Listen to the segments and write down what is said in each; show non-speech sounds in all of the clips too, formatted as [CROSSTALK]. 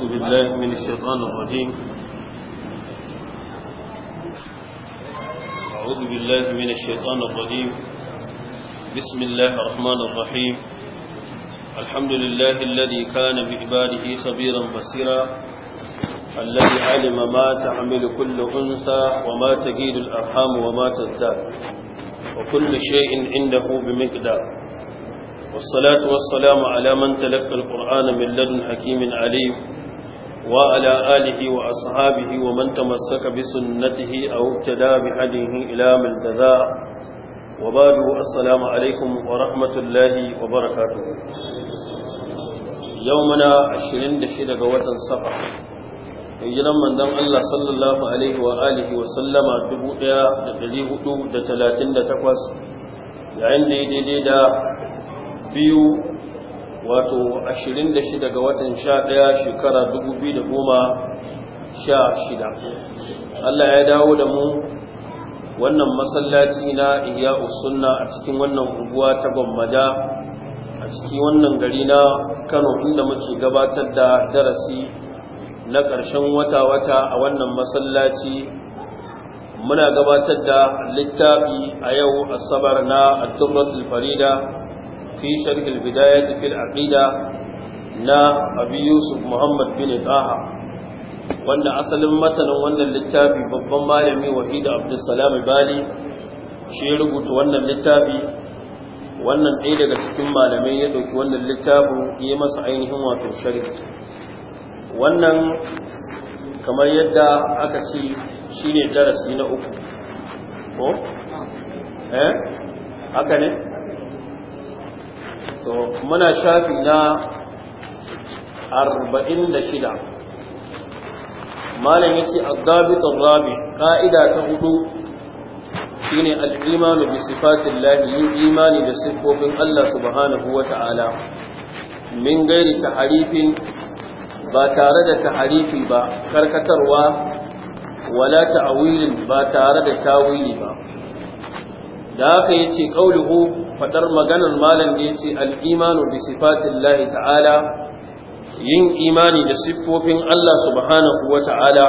أعوذ بالله من الشيطان الرجيم أعوذ بالله من الشيطان الرجيم بسم الله الرحمن الرحيم الحمد لله الذي كان بعباده خبيرا بصيرا الذي علم ما تعمل كل أنثى وما تجيد الأرحام وما تزداد وكل شيء عنده بمقدار والصلاة والسلام على من تلقى القرآن من لدن حكيم عليم وعلى آله وأصحابه ومن تمسك بسنته أو ابتدى بهديه إلى ملتزاء وبعد السلام عليكم ورحمة الله وبركاته يومنا عشرين دشيدة قوة سبع hijiran manzon Allah sallallahu alaihi wa alihi wa sallama 1438 yayin da daidai da biyu wato 26 ga watan 11 shekara 2016 Allah ya dawo da mu wannan masallaci na iya usunna a cikin wannan unguwa ta gwammada a cikin wannan gari na kano inda muke gabatar da darasi na ƙarshen wata-wata a wannan masallaci muna gabatar da littafi a yau asabar na addurratul farida fi ya bidayati da aqida na abi yusuf muhammad bin taha wanda asalin matanin wannan littafi babban malami wahid abdussalam bali shi rubuta wannan littafi wannan ɗaya daga cikin malamai ya ɗauki wannan littafin ya masa ainihin wato sharhi wannan kamar yadda aka ce shi ne darasi na uku ko? to muna shafi na arba'in da shida malam ya ce azabitin rabi ƙa'ida ta hudu shine imanu bi sifatin lahi imani da siffofin Allah subhanahu wa ta'ala min gairi ta harifin ba tare da ta harifi ba karkatarwa wala ta'awilin ba tare da tawili ba da haka ya ce ƙaulihu faɗar maganar malam da ya ce al'imanu bi sifatin lahi ta'ala yin imani da siffofin Allah subhanahu wa ta'ala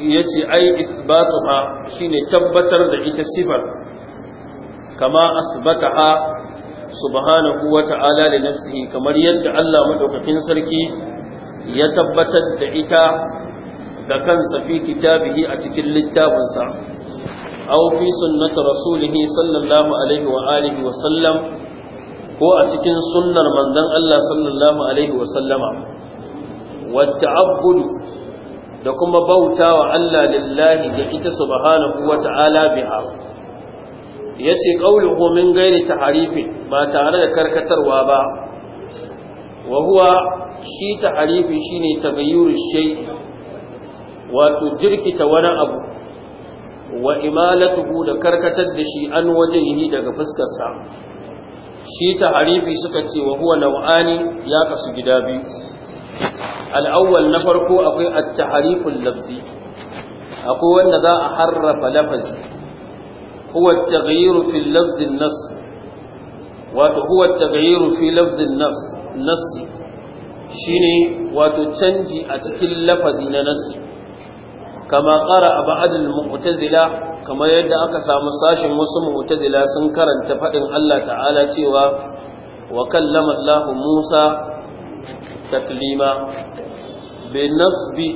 ya ce ai shi shine tabbatar da ita sifar kama asbataha subhanahu wa ta'ala da nafsihi kamar yadda Allah madaukakin sarki ya tabbatar da ita da kansa fi kitabihi a cikin littafinsa aw fi sunnati rasulih ko a cikin sunnar manzon Allah sallallahu abudu da kuma bautawa Allah lillahi da ita subhanahu wa ta'ala biha yace qauluhu min ghairi tahrifin ba tare da karkatarwa ba wa huwa shi tahrifi shine tabayyur shay wato jirkita wani abu wa imalatuhu da karkatar da shi an waje wajhihi daga fuskarsa. shi ta harifi suka ce wa huwa nau'ani ya kasu gida biyu al'awwal na farko akwai at-tahriful lafzi akwai wanda za a harrafa lafazi huwa at-taghyiru fi lafzi an wato huwa at-taghyiru fi lafzi an-nass shine wato canji a cikin lafazi na nassi kama ƙara a ba'adul mu'tazila kamar yadda aka samu sashin wasu mu'tazila sun karanta faɗin Allah ta'ala cewa wa kallama Allah Musa taklima bi nasbi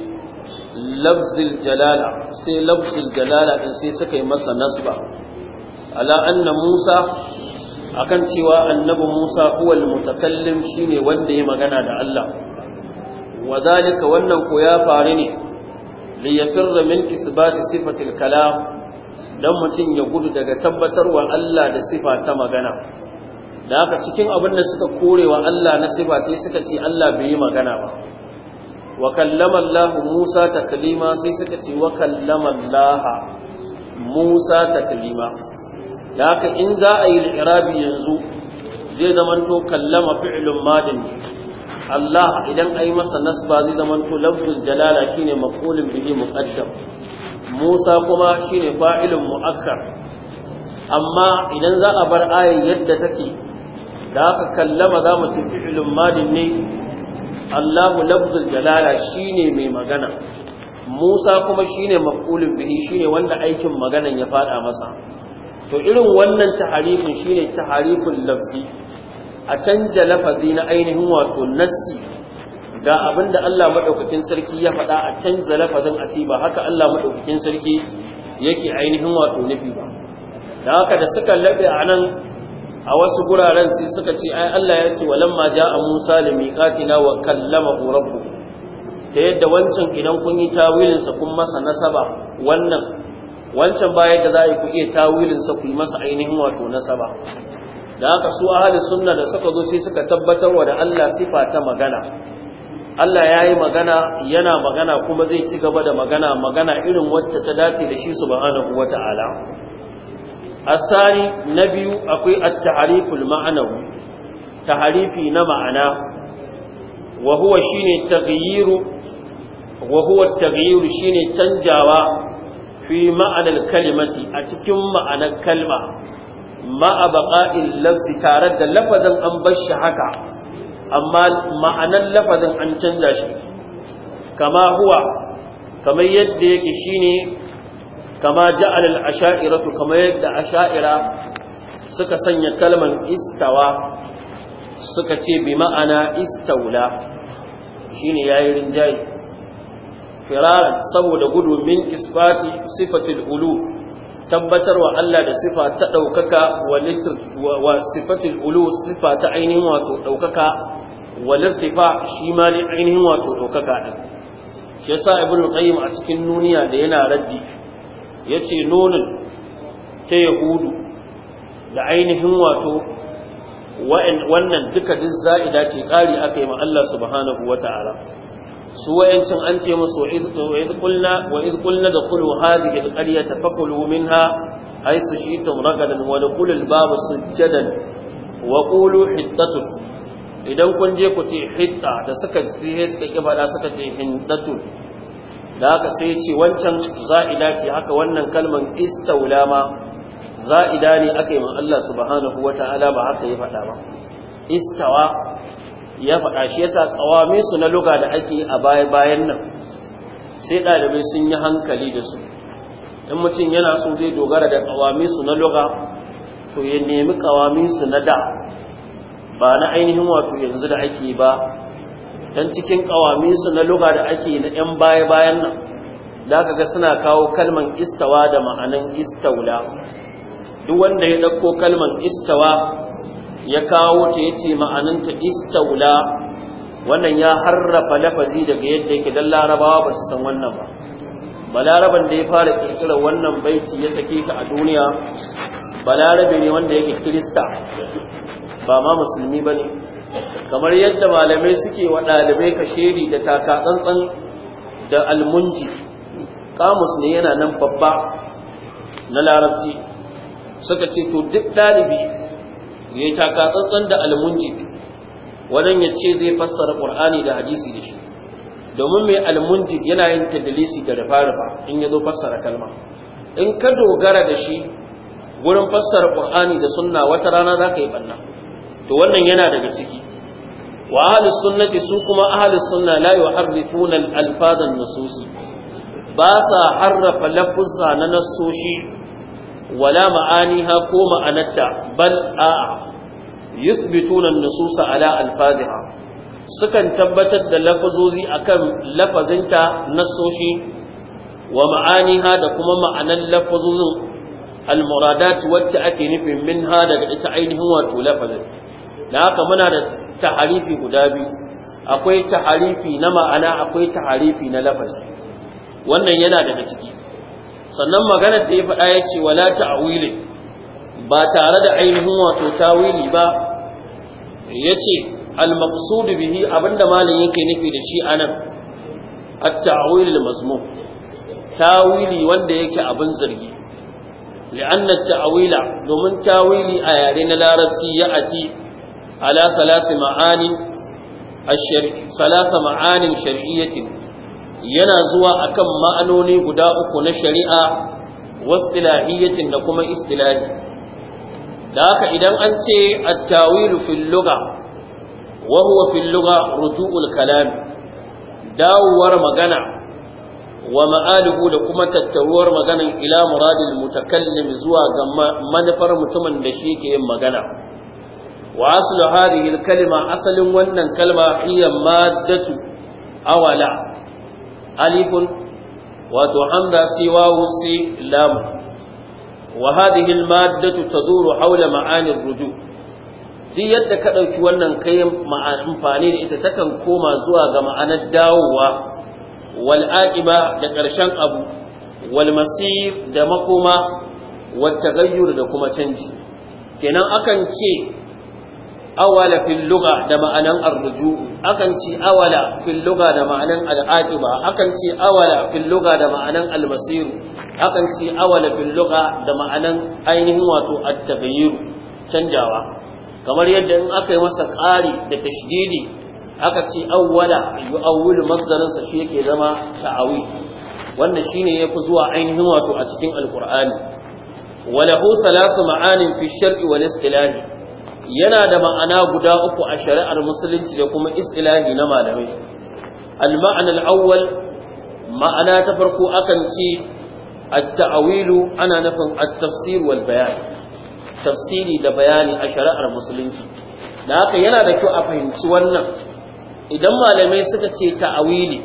lafzil jalala sai lafzil jalala din sai suka yi masa nasba ala anna Musa akan cewa annabi Musa huwal mutakallim shine wanda ya magana da Allah wa zalika wannan ko ya faru ne li yafirra min isbat sifatil kalam dan mutum ya gudu daga tabbatarwa Allah da sifa ta magana da haka cikin abin da suka korewa Allah na sifa sai suka ce Allah bai yi magana ba wa kallama Allah Musa taklima sai suka ce wa kallama Allah Musa taklima da haka in za a yi irabi yanzu zai zamanto kallama fi'lun madin Allah idan ai masa nasba zai zama to lafzul jalala shine maf'ulun bihi muqaddam Musa kuma shine fa'ilun mu'akkar amma idan za a bar ayar yadda take da aka kallama za mu ci fi'ilun madin ne Allahu lafzul jalala shine mai magana Musa kuma shine maf'ulun bihi shine wanda aikin maganan ya fada masa to irin wannan taharifin shine tahariful lafzi a canja lafazi na ainihin wato nassi ga abin da Allah maɗaukakin sarki ya faɗa a canza lafazin a ce ba haka Allah maɗaukakin sarki yake ainihin wato nufi ba da haka da suka laɓe a nan a wasu guraren sai suka ce ai Allah ya ce walamma ja'a Musa li miqatina wa kallama rabbu ta yadda wancan idan kun yi tawilinsa kun masa nasaba wannan wancan bayan da za a yi ku iya tawilinsa ku yi masa ainihin wato nasaba da aka su ahalin sunna da suka zo sai suka tabbatar wa da Allah sifa ta magana Allah ya yi magana yana magana kuma zai ci gaba da magana magana irin wata ta dace da shi subhanahu A tsari na biyu akwai at-ta'riful ma'anawi tahrifi na ma'ana wa huwa shine taghyiru wa huwa at-taghyiru canjawa fi ma'anar kalimati a cikin ma'anar kalma Ma'abaƙa'in baqa'il tare da lafazin an bashi haka amma ma'anan lafazin an canza shi kama huwa kamar yadda yake ne, kama ja'alal al-asha'iratu kama yadda sha'ira suka sanya kalman istawa suka ce bi ma'ana istaula shine yayi rinjaye. firaran saboda gudu min isfati sifatil ulu tabbatar wa Allah da sifa ta ɗaukaka wa sifatul ulu sifa ta ainihin wato ɗaukaka walirtifa shi ma ne ainihin wato ɗaukaka ɗin shi yasa ibnu qayyim a cikin nuniya da yana raddi yace nonin ta yahudu da ainihin wato wannan duka duk za'ida ce ƙari aka yi ma Allah subhanahu wata'ala su wayancin an ce musu idh qulna wa idh qulna dakhulu hadhihi alqaryata faqulu minha haythu shi'tum ragadan wa al babu sujadan wa qulu hiddatun idan kun je ku ce hidda da suka ce suka ki suka ce hindatu da haka sai ce wancan za'ida ce haka wannan kalman istaulama, za'ida ne aka yi Allah subhanahu wata'ala ba haka ya fada ba istawa ya faɗa shi yasa kawame su na luga da ake a baya-bayan nan sai ɗalibai sun yi hankali da su in mutum yana so zai dogara da kawame su na luga to ya nemi kawame su na da ba na ainihin wato yanzu da ake ba don cikin kawame su na luga da ake na 'yan baya-bayan nan da aka ga suna kawo kalman istawa da ma'anan istaula duk wanda ya ɗauko kalman istawa ya kawo ta yace ma'ananta wula, wannan ya harrafa lafazi daga yadda yake don larabawa ba su san wannan ba balaraban da ya fara kirkira wannan baiti ya sake ka a duniya balarabe ne wanda yake kirista ba ma musulmi ba ne kamar yadda malamai suke wa ɗalibai sheri da taka tsantsan da almunji kamus ne yana nan babba na larabci suka ce to duk ɗalibi ya taka tsantsan da almunji wannan ya ce zai fassara ƙur'ani da hadisi da shi domin mai almunji yana yin tadlisi da rufa-rufa in ya zo fassara kalma in ka dogara da shi wurin fassara ƙur'ani da sunna wata rana za ka yi ɓanna. to wannan yana daga ciki wa ahlus sunnati su kuma ahlus sunna la yuharrifuna al-alfaz an ba sa harrafa lafuzza na nasoshi wala ma'aniha ko ma'anarta bal a'a yusbituna an-nususa ala al sukan tabbatar da lafazozi akan lafazinta nassoshi wa ma'aniha da kuma ma'anar lafazozin al wacce ake nufin minha daga ita ainihin wato lafazin da haka muna da taharifi guda biyu akwai taharifi na ma'ana akwai taharifi na lafazi wannan yana daga ciki sannan maganar da ya faɗa ya ce wala ta'wili ba tare da ainihin wato tawili ba ya ce bihi abinda malin yake nufi da shi anan at-ta'wil al tawili wanda yake abin zargi لأن التأويل دومن تاويل a yare na larabci ya معاني الشرع ثلاث معاني شرعية yana zuwa akan ma'anoni guda uku na shari'a wastilahiyyatin da kuma istilahi da haka idan an ce attawilu tawilu fil lugha wa huwa fil lugha ruju'ul kalam dawowar magana wa ma'alihu da kuma tattaruwar maganan ila muradil mutakallim zuwa ga manufar mutumin da shi ke yin magana wa aslu hadhihi al-kalima asalin wannan kalma hiya maddatu awala alifun wato hamza sai wawu Lamu, lam wa hadhihi almaddatu taduru hawla ma'ani ar-ruju duk yadda ka dauki wannan kai amfani da ita takan koma zuwa ga ma'anar dawowa wal aqiba da karshen abu wal da makoma wat tagayyur da kuma canji kenan akan ce awala fil lugha da ma'anan arruju akan ce awala fil lugha da ma'anan al'aqiba akan ce awala fil lugha da ma'anan almasir akan ce awala fil lugha da ma'anan ainihin wato at tabayyur canjawa kamar yadda in aka yi masa ƙari da tashdidi aka ce awwala masdarin sa shi yake zama ta'awi wannan shine yafi zuwa ainihin wato a cikin alqur'ani walahu salasu ma'anin fi shar'i wal istilahi yana da ma'ana guda uku a shari'ar musulunci da kuma istilahi na malamai al awwal ma'ana ta farko akan ce at-ta'awilu ana nufin at-tafsir wal bayan tafsiri da bayani a shari'ar musulunci da haka yana da kyau a fahimci wannan idan malamai suka ce ta'awili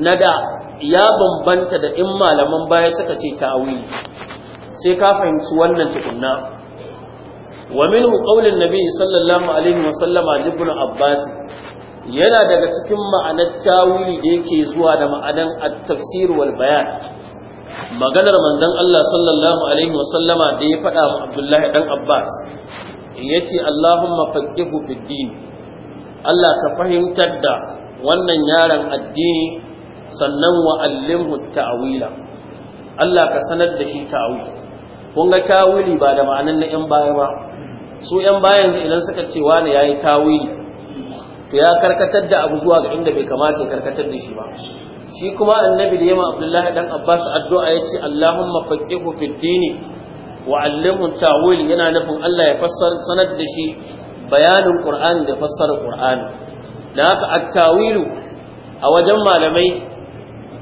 na da ya bambanta da in malaman baya suka ce ta'awili sai ka fahimci wannan tukunna wa قول النبي صلى sallallahu alaihi وسلم sallama ibn abbas yana daga cikin ma'anar tawili da yake zuwa da ma'anar at-tafsir wal bayan maganar manzon Allah sallallahu alaihi wasallama da ya faɗa wa Abdullahi dan Abbas yace Allahumma faqihu fid din Allah ka fahimtar da wannan yaron addini sannan wa allimhu ta'wila Allah ka sanar da shi ta'wili kun ga tawili ba da ma'anar na 'yan baya ba su yan bayan idan suka ce wani yi tawili to ya karkatar da abu zuwa ga inda bai kamata ya karkatar da shi ba shi kuma annabi da yamma abdullahi dan abbas addu'a yace allahumma faqihu fid dini wa allimhu tawil yana nufin Allah ya fassara sanar da shi bayanin qur'ani da fassara qur'ani dan haka at-tawilu a wajen malamai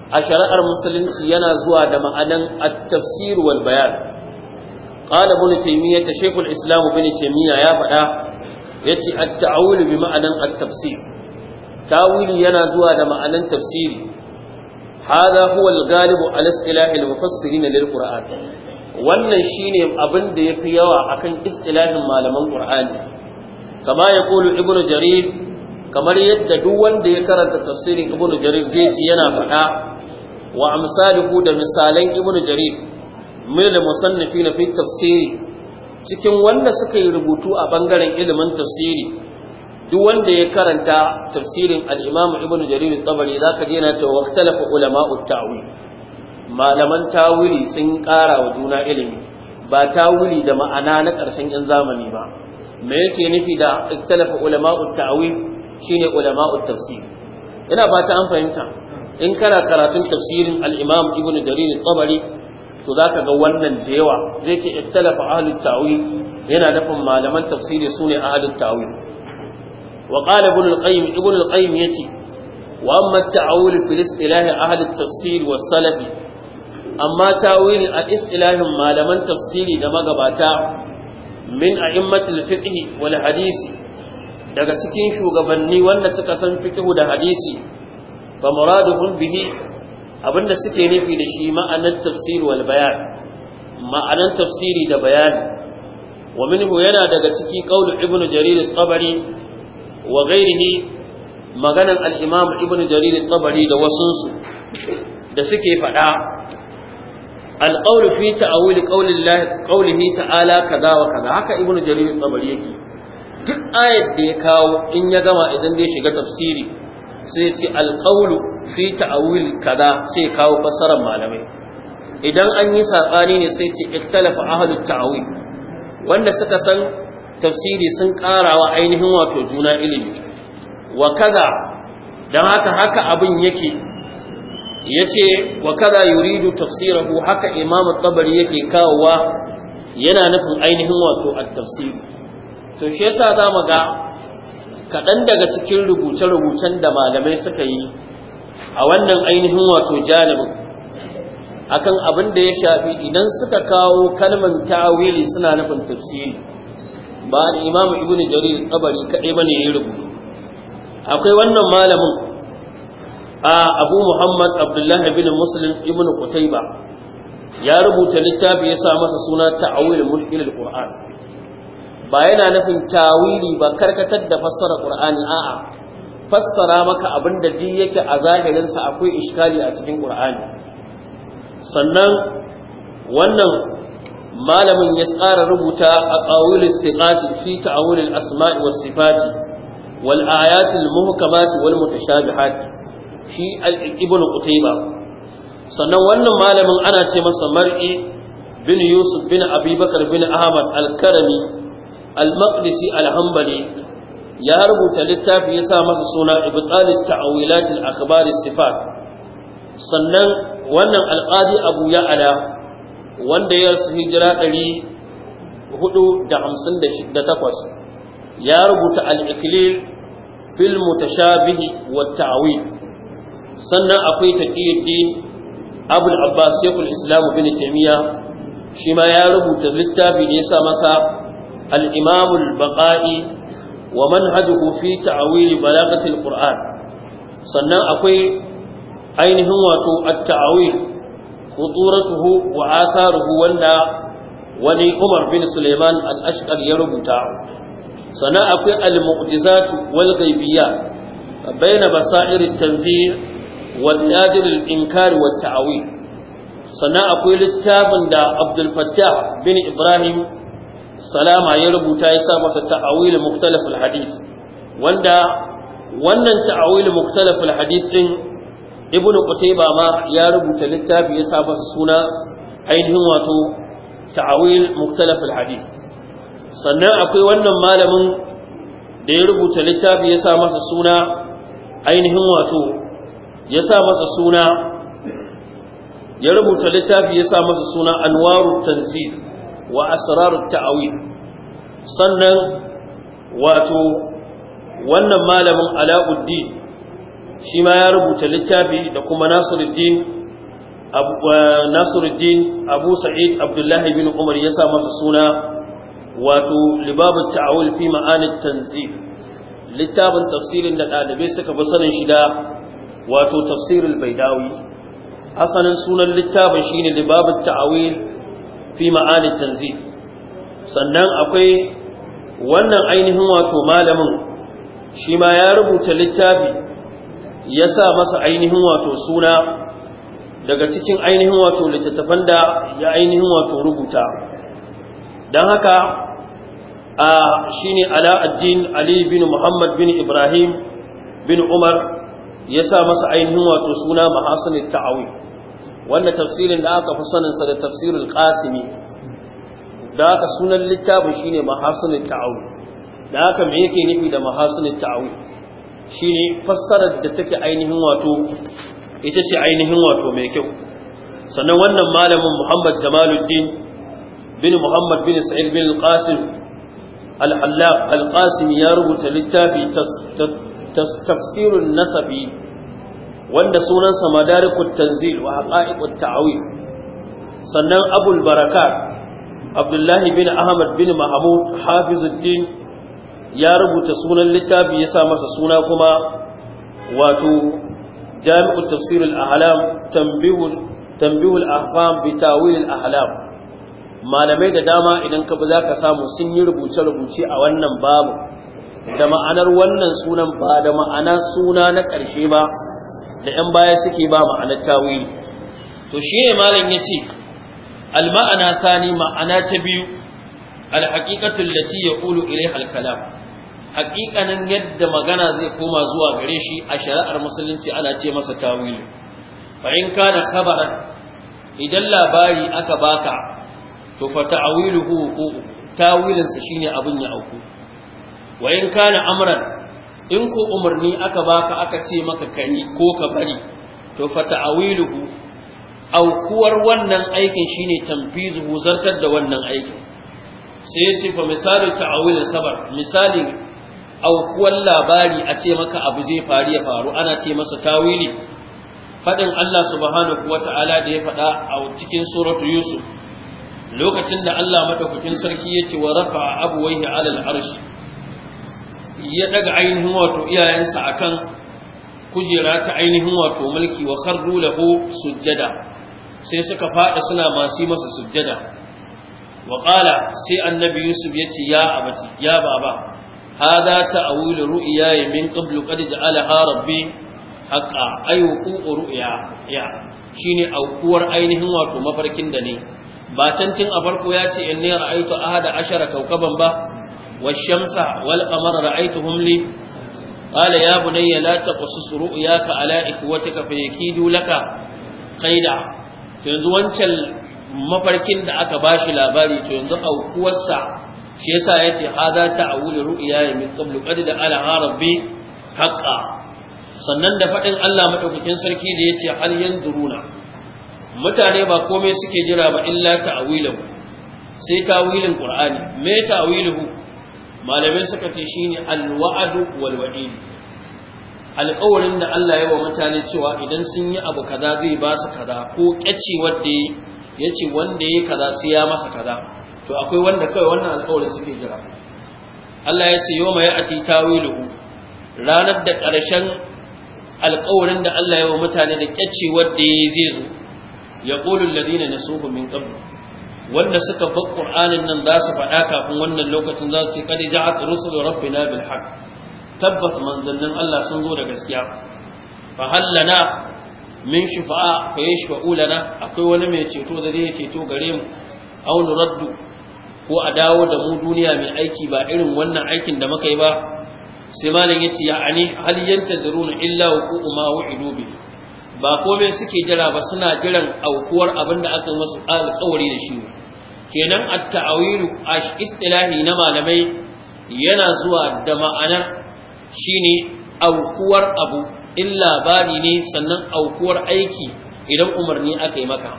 a shari'ar musulunci yana zuwa da ma'anan at-tafsir wal bayan قال ابن تيمية شيخ الإسلام ابن تيمية يا فدا يتي التعول بمعنى التفسير tafsiri. ينادوا بمعنى تفسير هذا هو الغالب على اصطلاح المفسرين للقرآن wannan shine abin da yafi yawa akan istilahin malaman Qur'ani kama ya kulu ibnu jarir kamar yadda duk wanda ya karanta tafsirin ibnu jarir zai ji yana faɗa wa amsalihu da misalan ibnu jarir min al-musannifina fi tafsiri cikin wanda suka yi rubutu a bangaren ilimin tafsiri duk wanda ya karanta tafsirin al-Imam Ibn Jarir at-Tabari zaka je na ta waqtalafa ulama'u at-ta'wil malaman tawili sun ƙara wa juna ilimi ba tawili da ma'ana na ƙarshen yan zamani ba me yake nufi da iktalafa ulama'u at-ta'wil shine ulama'u at-tafsir ina ba ta an fahimta in kana karatun tafsirin al-Imam Ibn Jarir at-Tabari to za ka ga wannan da yawa zai ce ittalafa ahlul ta'wil yana nufin malaman tafsiri sune ne ahlul ta'wil wa qala ibn al-qayyim ibn al-qayyim yace wa amma ta'wil fi istilahi ahlul tafsir was salafi amma ta'wil a istilahin malaman tafsiri da magabata min a'immatul fiqh wal hadisi daga cikin shugabanni wanda suka san fiqh da hadisi fa muraduhum bihi abinda suke nufi da shi ma'anar tafsir wal bayan ma'anar tafsiri da bayani wa minhu yana daga ciki qaul ibnu jarir al-tabari wa ghairihi maganar al-imam ibn jarir al-tabari da wasunsu da suke faɗa al-qaul fi ta'awil qaulillahi qaulihi ta'ala kaza wa kaza haka ibnu jarir al-tabari yake duk ayat da ya kawo in ya gama idan zai shiga tafsiri sai ce alƙaulu fi ta'awil kada sai kawo fassarar malamai idan an yi saɓani ne sai ce ikhtalafa ahlut ta'awil wanda suka san tafsiri sun ƙarawa ainihin wato juna ilimi wa kada, dan haka haka abin yake yace wa kada yuridu tafsirahu haka imamu tabari yake kawowa yana nufin ainihin wato at-tafsir to shi yasa zamu ga kaɗan daga cikin rubuce-rubucen da malamai suka yi a wannan ainihin wato janibin akan abin da ya shafi idan suka kawo kalman tawili suna nufin tafsiri ba da imamu ibn jarir kabari kaɗai bane ya rubutu akwai wannan malamin a abu muhammad abdullahi bin muslim ibn qutayba ya rubuta littafi ya sa masa suna ta'awil mushkilul qur'an ba yana nufin tawili ba karkatar da fassara qur'ani a'a fassara maka abin da duk yake a zahirin akwai iskali a cikin qur'ani sannan wannan malamin ya tsara rubuta a qawil istiqati fi ta'awul al-asma'i was sifati wal ayat al-muhkamat wal mutashabihat shi al-ibn qutayba sannan wannan malamin ana ce masa mar'i bin yusuf bin abubakar bin ahmad al-karami al-maqdisi al-hanbali ya rubuta littafi ya sa masa suna ibtalit ta'awilat al-akhbar sifat sannan wannan al-qadi abu ya'ala wanda ya rasu hijira 458 ya rubuta al-iqlil fil mutashabih wa ta'wil sannan akwai taqiyuddin abul abbas shaykhul islam ibn taymiya shi ma ya rubuta littafi da ya sa masa الإمام البقائي ومنهجه في تعويل بلاغة القرآن صنع أقوي أينه واتو التعويل خطورته وآثاره ولا ولي عمر بن سليمان الأشقر يرب تعو صنع أقوي المعجزات والغيبيات بين بصائر التنزيع والنادر الإنكار والتعويل صنع أقوي للتاب عبد الفتاح بن إبراهيم salama ya rubuta ya sa masa ta'awil muktalaf hadith wanda wannan ta'awil muktalaf hadith din ibnu qutayba ma ya rubuta littafi ya sa masa suna ainihin wato ta'awil muktalaf hadith sannan akwai wannan malamin da ya rubuta littafi ya sa masa suna ainihin wato ya sa masa suna ya rubuta littafi ya sa masa suna anwaru tanzil wa asrarut ta'awil sannan wato wannan malamin ala'uddin shi ma ya rubuta littafi da kuma nasiruddin abu nasiruddin abu sa'id abdullahi bin umar ya sa masa suna wato libabut ta'awil fi ma'anit tanzil littafin tafsirin da ɗalibai suka fi sanin shi da wato tafsirul baidawi asalin sunan littafin shine libabut ta'awil fi ma'anin tanzi sannan akwai wannan ainihin wato malamin shi ma ya rubuta littafi ya sa masa ainihin wato suna daga cikin ainihin wato littattafan da ya ainihin wato rubuta don haka a shi ne ala'addin ali bin muhammad bin ibrahim bin umar ya sa masa ainihin wato suna mahasanin ta'awi wannan tafsirin da aka fi saninsa da tafsirul qasimi da aka sunan littafin shine mahasinul ta'awi. da aka me yake nufi da mahasinul ta'awun shine fassarar da take ainihin wato ita ce ainihin wato mai kyau sannan wannan malamin Muhammad Jamaluddin bin Muhammad bin Sa'id bin Qasim al-Allaq al-Qasimi ya rubuta littafi tafsirun nasabi wanda sunansa madarikut tanzil wa haqa'iqut ta'wil sannan abul barakat abdullahi bin ahmad bin mahmud hafizuddin ya rubuta sunan littafi ya sa masa suna kuma wato jami'u tafsirul al-ahlam tanbihul tanbihul ahfam bi tawil ahlam malamai da dama idan ka bi zaka samu sun yi rubuce rubuce a wannan babu da ma'anar wannan sunan ba da ma'ana suna na ƙarshe ba da ‘yan baya suke ba ma'anar tawili to shi ne malam ya ce alma'ana sani ma'ana ta biyu alhaƙiƙatun da ya ƙulu ire halkalam haƙiƙanin yadda magana zai koma zuwa gare shi a shari'ar musulunci ana ce masa tawili fa'in ka da kabarar idan labari aka baka to fa ta'awiluhu ko tawilinsa shi ne abin ya auku wa in na amuran, in ko umarni aka baka aka ce maka yi ko ka bari to fa ta'awiluhu aukuwar wannan aikin shine tamfizu huzartar da wannan aikin sai ya ce fa misalu ta'awil sabar misali aukuwar labari a ce maka abu zai faru ya faru ana ce masa tawili Faɗin Allah subhanahu wata'ala da ya faɗa a cikin suratu yusuf lokacin da Allah madaukakin sarki yace wa abu abuwaihi alal arshi ya daga ainihin wato iyayensa akan kujera ta ainihin wato mulki wa kharru lahu sujjada sai suka fada suna masu masa sujjada wa qala sai annabi yusuf yace ya abati ya baba hada ta'awil ru'ya min qablu qad ja'alaha rabbi haqa ay wuqu ru'ya ya shine aukuwar ainihin wato mafarkin da ne ba can tun a farko ya ce in inni ra'aytu ahada ashara kawkaban ba والشمس والقمر رأيتهم لي قال يا بني لا تقصص رؤياك على إخوتك فيكيدوا لك قيدا yanzu wancan mafarkin da aka bashi labari to yanzu aukuwarsa shi yasa yace hada ta'awul ru'ya min qablu qad da ala rabbi haqqa sannan da fadin Allah madaukakin sarki da yace hal runa. mutane ba komai suke jira ba illa ta'awilahu sai ta'awilin qur'ani me ta'awiluhu malamai suka ce shine alwa'adu wal alƙawarin da Allah ya wa mutane cewa idan sun yi abu kaza zai ba su kaza ko kyace wanda ya ce wanda ya kaza sai ya masa kaza to akwai wanda kai wannan alƙawarin suke jira Allah ya ce yawma ya'ti tawiluhu ranar da ƙarshen alƙawarin da Allah ya wa mutane da kyace wanda zai zo ya yaqulu na nasuhu min qabl wanda suka bar qur'anin nan za su faɗa kafin wannan lokacin za su ce kad ja'at rusul rabbina bil haqq tabbat manzannin Allah sun zo da gaskiya fa hallana min shifa'a fa yashfa'u lana akwai wani mai ceto da zai ceto gare mu aw nuraddu ko a dawo da mu duniya mai aiki ba irin wannan aikin da muka yi ba sai malam yace ya ani hal yantazuruna illa wuqu'u ma wu'idu bihi ba komai suke jira ba suna jiran aukuwar abin da aka musu alƙawari da shi kenan at-ta'awilu istilahi na malamai yana zuwa da ma'anar shine aukuwar abu in labari ne sannan aukuwar aiki idan umarni aka yi maka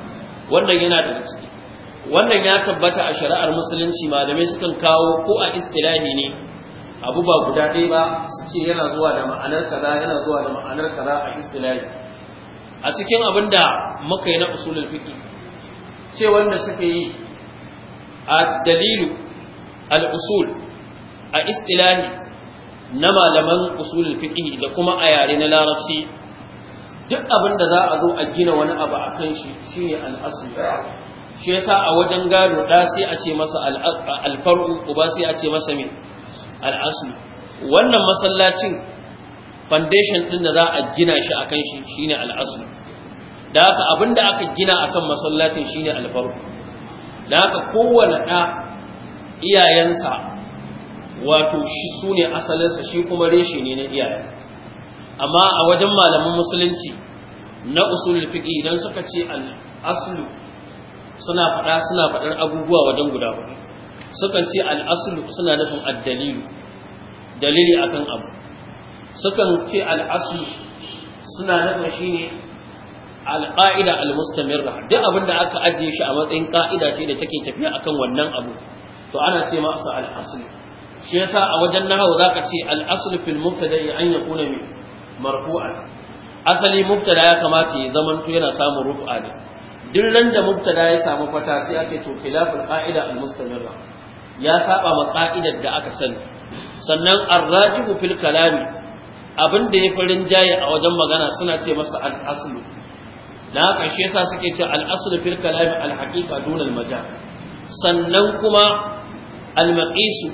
wannan yana da ciki wannan ya tabbata a shari'ar musulunci malamai sukan kawo ko a istilahi ne abu ba guda ɗaya ba su ce yana zuwa da ma'anar kaza yana zuwa da ma'anar kaza a istilahi a cikin abin da muka yi na usulul fiƙi, ce wanda suka yi a dalilu al-usul a istilahi na malaman usulul fiƙi da kuma a yare na larabci duk abin da za a zo a gina wani abu akan shi shi ne asl shi yasa a wajen gado ɗa sai a ce masa al-far'u uba sai a ce masa min al wannan masallacin foundation din da za a gina shi akan shi shine al'aslu da haka abinda aka gina akan masallacin shine alfarko da haka kowane ɗa iyayensa wato shi su ne asalinsa shi kuma reshe ne na iyaye amma a wajen malaman musulunci na usulul fiqi idan suka ce al'aslu suna faɗa suna faɗar abubuwa wajen guda ba sukan ce al'aslu suna nufin addalilu dalili akan abu sukan ce al'asu suna nufin shi ne al'a'ida al duk abin da aka ajiye shi a matsayin ƙa'ida ce da take tafiya akan wannan abu to ana ce masa al'asu shi yasa a wajen nahawu zaka ce al'asu fil ya an yakuna min marfu'an asali mubtada ya kamata ya zamanto yana samun rufu'a ne duk nan da mubtada ya samu fata sai ake to khilaful qa'ida al ya saba ma ƙa'idar da aka sani sannan ar fil kalami abin da ya farin jaye a wajen magana suna ce masa al'aslu na ƙarshe shi yasa suke ce al'aslu fil kalami al haqiqa dun al sannan kuma al maqisu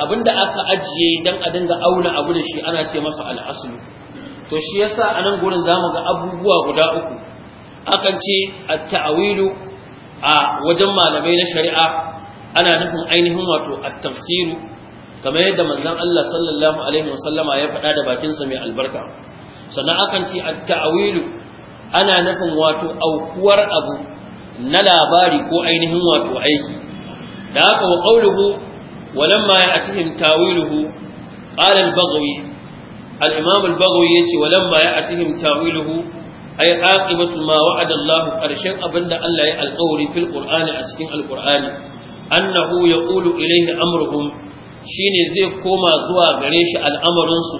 abin da aka ajiye dan a dinga auna abu da shi ana ce masa al to shi yasa a nan gurin zamu ga abubuwa guda uku akan ce a ta'wilu a wajen malamai na shari'a ana nufin ainihin wato a tafsiru kamar yadda manzon Allah sallallahu alaihi wasallama ya faɗa da bakinsa mai albarka sannan akan ce at-ta'wilu ana nufin wato aukuwar abu na labari ko ainihin wato aiki da haka wa qawluhu walamma ya'tihim tawiluhu qala al-baghawi al-imam al-baghawi yace walamma ya'tihim tawiluhu ay aqibatu ma wa'ada Allah karshen abinda Allah ya alƙawari fil Qur'ani a cikin Al-Qur'ani annahu yaqulu ilayhi amruhum shine zai koma zuwa gare shi al'amarinsu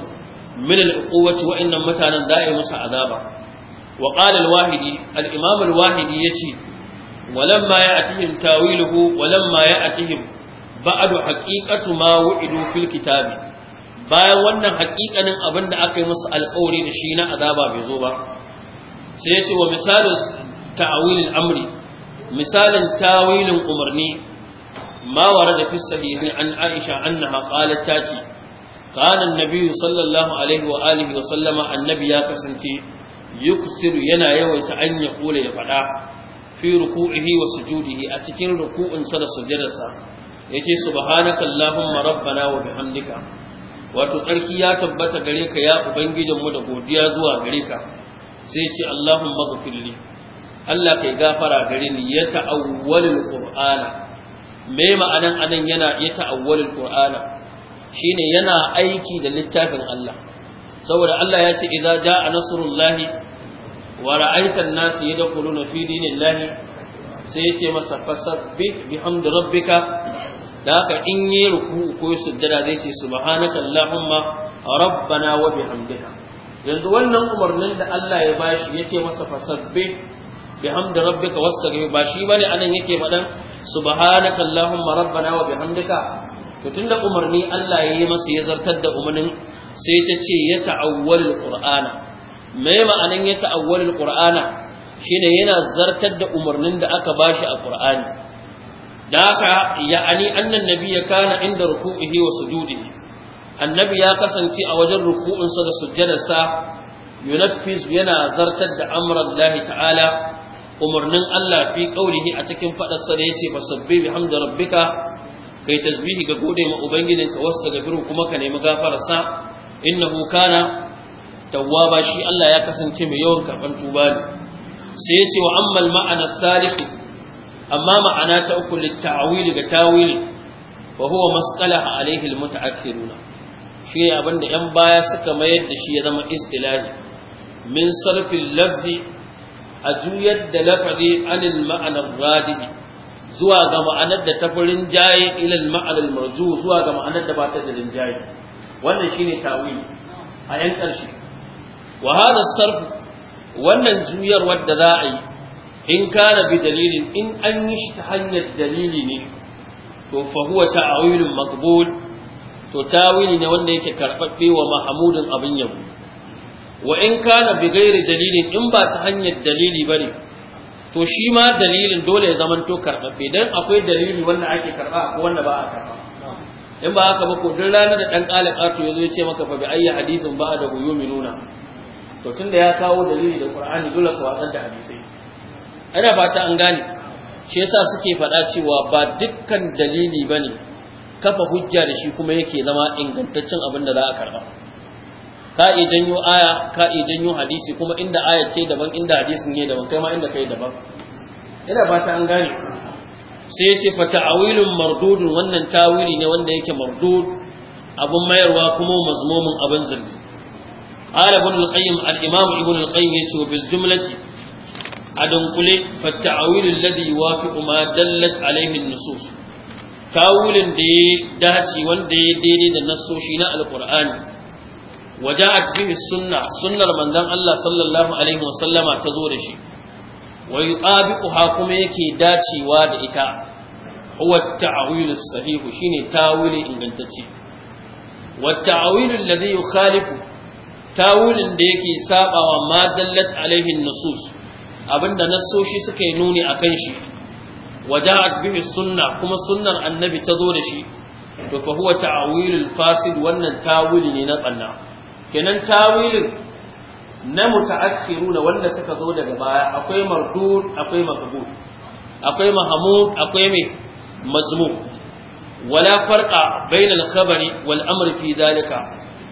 min al'uwaci innan mutanen da yi musu azaba wa qala al-wahidi al-imam al-wahidi yace walamma ya'tihim tawiluhu walamma ya'tihim ba'du haqiqatu ma wu'idu fil kitabi bayan wannan haƙiƙanin abin da aka yi musu alƙawari da shi na azaba bai zo ba sai yace wa misalin ta'awilin amri misalin tawilin umarni ما ورد في الصحيح عن عائشة أنها قالت تاتي قال النبي صلى الله عليه وآله وسلم النبي يا كسنتي يكثر ينا يويت أن يقول يفعل في ركوعه وسجوده أتكين ركوع سر سجدسا يتي سبحانك اللهم ربنا وبحمدك wato tsarki ya tabbata gare ka ya ubangijinmu da godiya zuwa gare ka sai ce Allahumma ghfirli Allah kai gafara gare ni ya ta'awwalul qur'ana me ma'anan anan yana ya ta'awwalul qur'ana shine yana aiki da littafin Allah saboda Allah ya ce idza jaa nasrullahi wa ra'aitan nas yadkhuluna fi dinillahi sai yace masa fasabbih bihamdi rabbika da haka in yi ruku ko sujjada zai ce subhanaka allahumma rabbana wa bihamdika yanzu wannan umarnin da Allah ya bashi yace masa fasabbih bihamdi rabbika wastaghfir ba shi bane anan yake fadan subhanaka allahumma rabbana wa bihamdika to tunda umarni Allah ya yi masa ya zartar da umarnin sai ta ce ya ta'awwalul qur'ana me ma'anan ya ta'awwalul qur'ana shine yana zartar da umarnin da aka bashi a qur'ani da haka ya'ani annan nabiyya kana inda ruku'ihi wa sujudihi annabi ya kasance a wajen ruku'unsa da sujjadarsa yunaffis yana zartar da amran Allah ta'ala umarnin Allah fi qaulihi a cikin fadar sa da yace fasabbih bihamdi rabbika kai tasbihi ga gode ma ka wasu daga firu kuma ka nemi gafararsa innahu kana tawwaba shi Allah ya kasance mai yawan karban tuba ne sai yace wa ammal ma'ana salih amma ma'ana ta uku litta'wil ga tawili wa huwa masqalaha alaihi almutaakhiruna shi abinda yan baya suka mayar da shi ya zama istilahi min sarfil lafzi a juyar da lafazi anil ma'anar rajihi zuwa ga ma'anar da tafarin jaye ilal ma'anar marju zuwa ga ma'anar da ba ta da rinjaye wannan shine tawil a yan ƙarshe wa hada sarfu wannan juyar wadda za a yi in kana bi dalilin in an yi shi ta hanyar dalili ne to fa huwa ta'awilun maqbul to tawili ne wanda yake karɓaɓɓe wa mahamudin abin yabo wa in kana bi gairi dalilin in ba ta hanyar dalili bane to shi ma dalilin dole ya zama to karɓaɓɓe dan akwai dalili wanda ake karɓa ko wanda ba a karɓa in ba haka ba ko duk ranar da dan ƙalin ato ya zo ya ce maka fa bi ayi hadisin ba da yuminuna to tunda ya kawo dalili da qur'ani dole ka watsar da hadisai ana fata an gane shi yasa suke faɗa cewa ba dukkan dalili bane kafa hujja da shi kuma yake zama ingantaccen abin da za a karɓa ka iya aya ka iya hadisi kuma inda aya ce daban inda hadisin ne daban kai ma inda kai daban ina ba ta an gane sai ya ce fa ta'awilun mardudun wannan tawili ne wanda yake mardud abun mayarwa kuma mazmumin abin zargi قال ابن القيم الإمام ابن القيم في الجملة أدنقل فالتعويل الذي يوافق ما دلت عليه النصوص ya دي داتي وان دي دي دي النصوص شناء القرآن وجاءت به السنة سنة من دان الله صلى الله عليه وسلم تزور شيء ويطابقها كما يكي داتي واد إتا هو التعويل الصحيح شيني تاويل إنجنتتي والتعويل الذي يخالف تاويل ديكي سابع وما دلت عليه النصوص أبن نصوشي سكي نوني أكنشي وجاءت به السنة كما سنة النبي تزور شيء فهو تعويل الفاسد وأن التاويل لنبنا kenan tawilin na na wanda suka zo daga baya akwai mardud akwai maqbul akwai mahmud akwai mai mazmum wala farqa bainal khabari wal amri fi dalika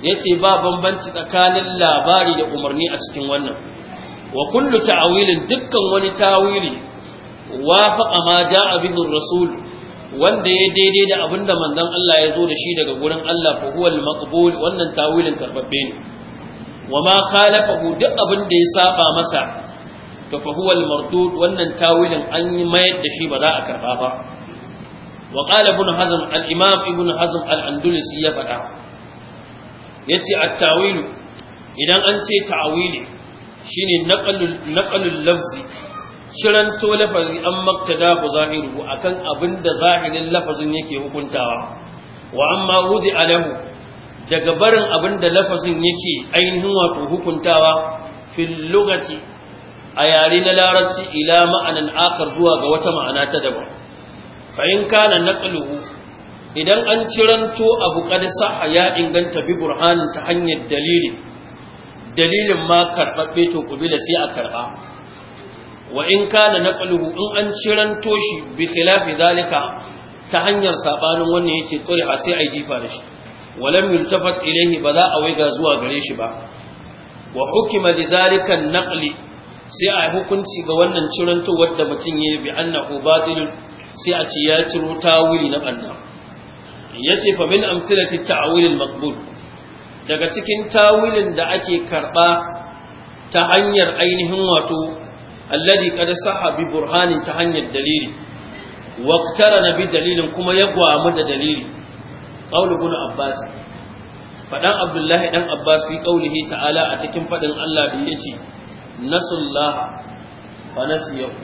yace ba bambanci tsakanin labari da umarni a cikin wannan wa kullu ta'wilin dukkan wani tawili wafaqa ma ja'a bihi rasul wanda ya daidai da abin da manzon Allah ya zo da shi daga gurin Allah fa huwal maqbul wannan tawilin karbabbe ne wama khalafahu duk abin da ya saba masa to fa huwal mardud wannan tawilin an yi mayar da shi ba za a karba ba wa qala ibn hazm al imam ibn hazm al andalusi ya faɗa yace at tawilu idan an ce ta'wili shine naqalul naqalul lafzi ciranto lafazi an maktada ku zahiru akan abin da zahirin lafazin yake hukuntawa wa amma wuzi alahu daga barin abin da lafazin yake ainihin wato hukuntawa fil lugati a yare na larabci ila ma'anan akar zuwa ga wata ma'ana ta daban fa in kana naqluhu idan an ciranto abu qad ya inganta bi burhanin ta hanyar dalili dalilin ma karbabbe to kubila sai a karɓa. wa in kana naqluhu in an ciranto shi bi khilafi zalika ta hanyar saɓanin wannan yace tsuri a sai ai jifa da shi walam yultafat ilayhi ba za a waiga zuwa gare shi ba wa hukima lidhalika an-naqli sai a hukunci ga wannan ciranto wanda mutum yayi bi annahu batilun sai a ce ya ciro tawili na banna yace fa min amsalati ta'wil al-maqbul daga cikin tawilin da ake karɓa ta hanyar ainihin wato alladhi qad sahha bi burhanin ta hanyar dalili waqtarana bi dalilin kuma ya gwamu da dalili qaulu ibn abbas fadan abdullahi dan abbas fi qaulihi ta'ala a cikin fadin Allah da yace nasullah fa nasiyahu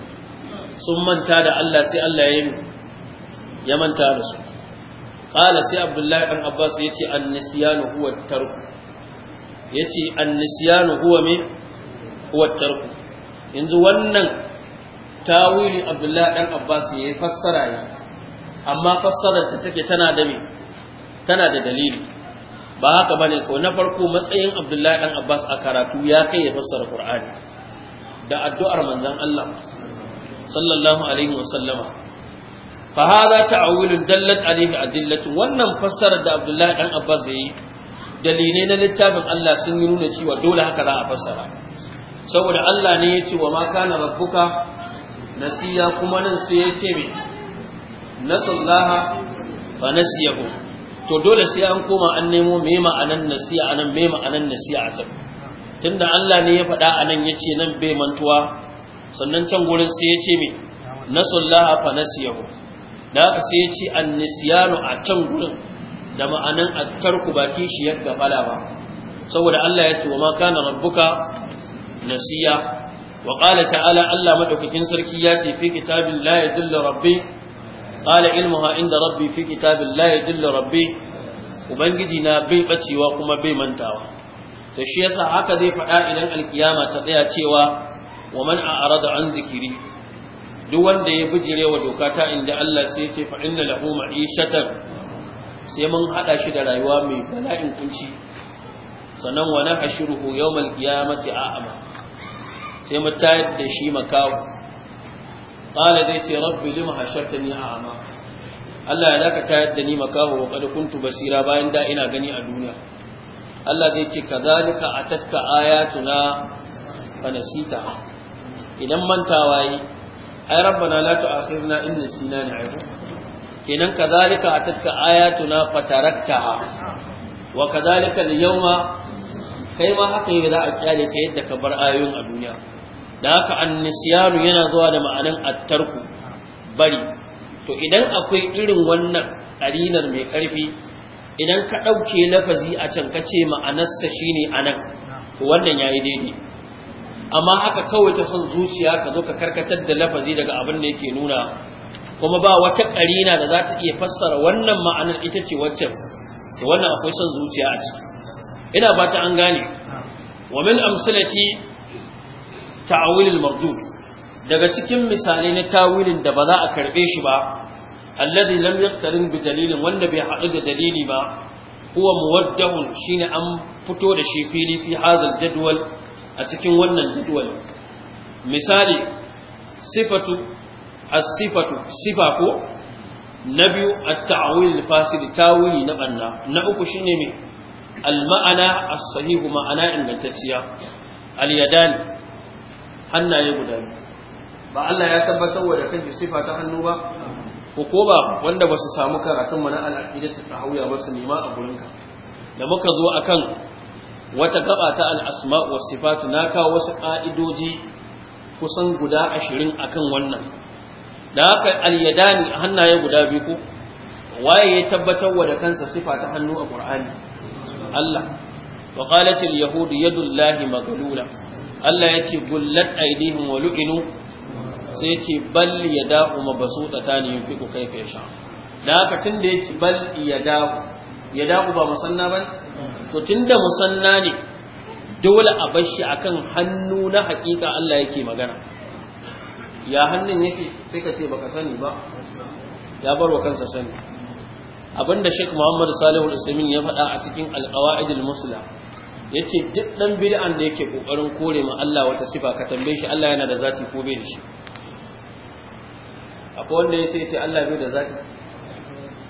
sun manta da Allah sai Allah ya ya manta da su qala sai abdullahi dan abbas yace an-nisyanu huwa at-tark yace an-nisyanu huwa min huwa at-tark yanzu wannan tawili abdullahi dan abbas ya fassara ne amma fassarar ta take tana da me tana da dalili ba haka bane ko na farko matsayin abdullahi dan abbas a karatu ya kai ya fassara qur'ani da addu'ar manzon Allah sallallahu alaihi wasallama fa hada ta'awilun dallat alaihi adillatu wannan fassarar da abdullahi dan abbas yayi dalilai na littafin Allah sun yi nuna cewa dole haka za a fassara saboda Allah ne ya ce wa ma kana rabbuka nasiya kuma nan sai ya ce me nasallaha fa nasiyahu to dole sai an koma an nemo me ma'anan nasiya anan me ma'anan nasiya a can tunda Allah ne ya faɗa anan ce nan bai mantuwa sannan can gurin sai ya ce me nasallaha fa nasiyahu da haka sai ya ce annisyanu a can gurin da ma'anan attarku baki shi ya gabala ba saboda Allah ya ce wa ma kana rabbuka nasiya wa qala ta'ala Allah madaukakin sarki ya ce fi kitabin la yadilla rabbi qala ilmuha inda rabbi fi kitabin la yadilla rabbi ubangiji na bai bacewa kuma bai mantawa to shi yasa haka zai faɗa idan alkiyama ta tsaya cewa wa man a'rada an zikiri duk wanda ya bijire wa doka ta inda Allah sai ya ce fa inna lahu ma'ishatan sai mun hada shi da rayuwa mai bala'in kunci sannan wa nahshuruhu yawmal qiyamati a'ama sai mu tayar da shi makawo qala zai ce rabbi lima a a'ma Allah ya daka tayar da ni makaho wa kuntu basira bayan da ina gani a duniya Allah zai ce kadhalika atatka ayatuna fa nasita idan mantawa yi ai rabbana la tu'akhirna in nasina na'ibu kenan kadhalika atatka ayatuna fataraktaha wa kadhalika al-yawma kai ma haka yi za a kyale ka yadda ka bar ayoyin a duniya da haka annisiyanu yana zuwa da ma'anin attarku bari to idan akwai irin wannan ƙarinar mai ƙarfi idan ka ɗauke lafazi a can ka ce ma'anarsa shine anan to wannan yayi daidai amma haka kawai ta son zuciya ka zo ka karkatar da lafazi daga abin da yake nuna kuma ba wata ƙarina da za ta iya fassara wannan ma'anar ita ce waccan to wannan akwai son zuciya a ciki ina ba ta an gane wa min amsalati ta'awilil mardud daga cikin misalai na tawilin da ba za a karbe shi ba alladhi lam yaqtarin bi dalilin wanda bai haɗu da dalili ba huwa muwaddahun shine an fito da shi fili fi hadal jadwal a cikin wannan jadwal misali sifatu as-sifatu sifa ko na biyu at-ta'wil al-fasid tawili na banna na uku shine me al-ma'ana as sahihu ma'ana ingantacciya al-yadani hannaye guda ba Allah ya tabbatar wa da kanki sifa ta hannu ba ko ko ba wanda ba su samu karatun mana na ta tahawiya ba su nema a gurinka da muka zo akan wata gaba ta al'asma wa sifatu na kawo wasu ka'idoji kusan guda ashirin akan wannan da haka al-yadani hannaye guda biyu ko waye ya tabbatar wa da kansa sifa ta hannu a qur'ani Allah wa qalat al yadullahi maghlula Allah ya ce gullat aidihim wa lu'inu sai ya ce bal ya da'u mabasuta ta ne yunfiku kaifa yasha da haka tunda ya ce bal ya da'u ya da'u ba musanna ba to tunda musanna ne dole a bashi akan hannu na haƙiƙa Allah yake magana ya hannun yake sai ka ce baka sani ba ya bar wa kansa sani abinda Sheikh Muhammad Salihu Al-Usaimin ya faɗa a cikin Al-Qawaid Al-Muslim yace duk dan bid'an da yake ƙoƙarin kore ma Allah wata sifa ka tambaye shi Allah yana da zati ko bai da shi A da ya sai ce Allah bai da zati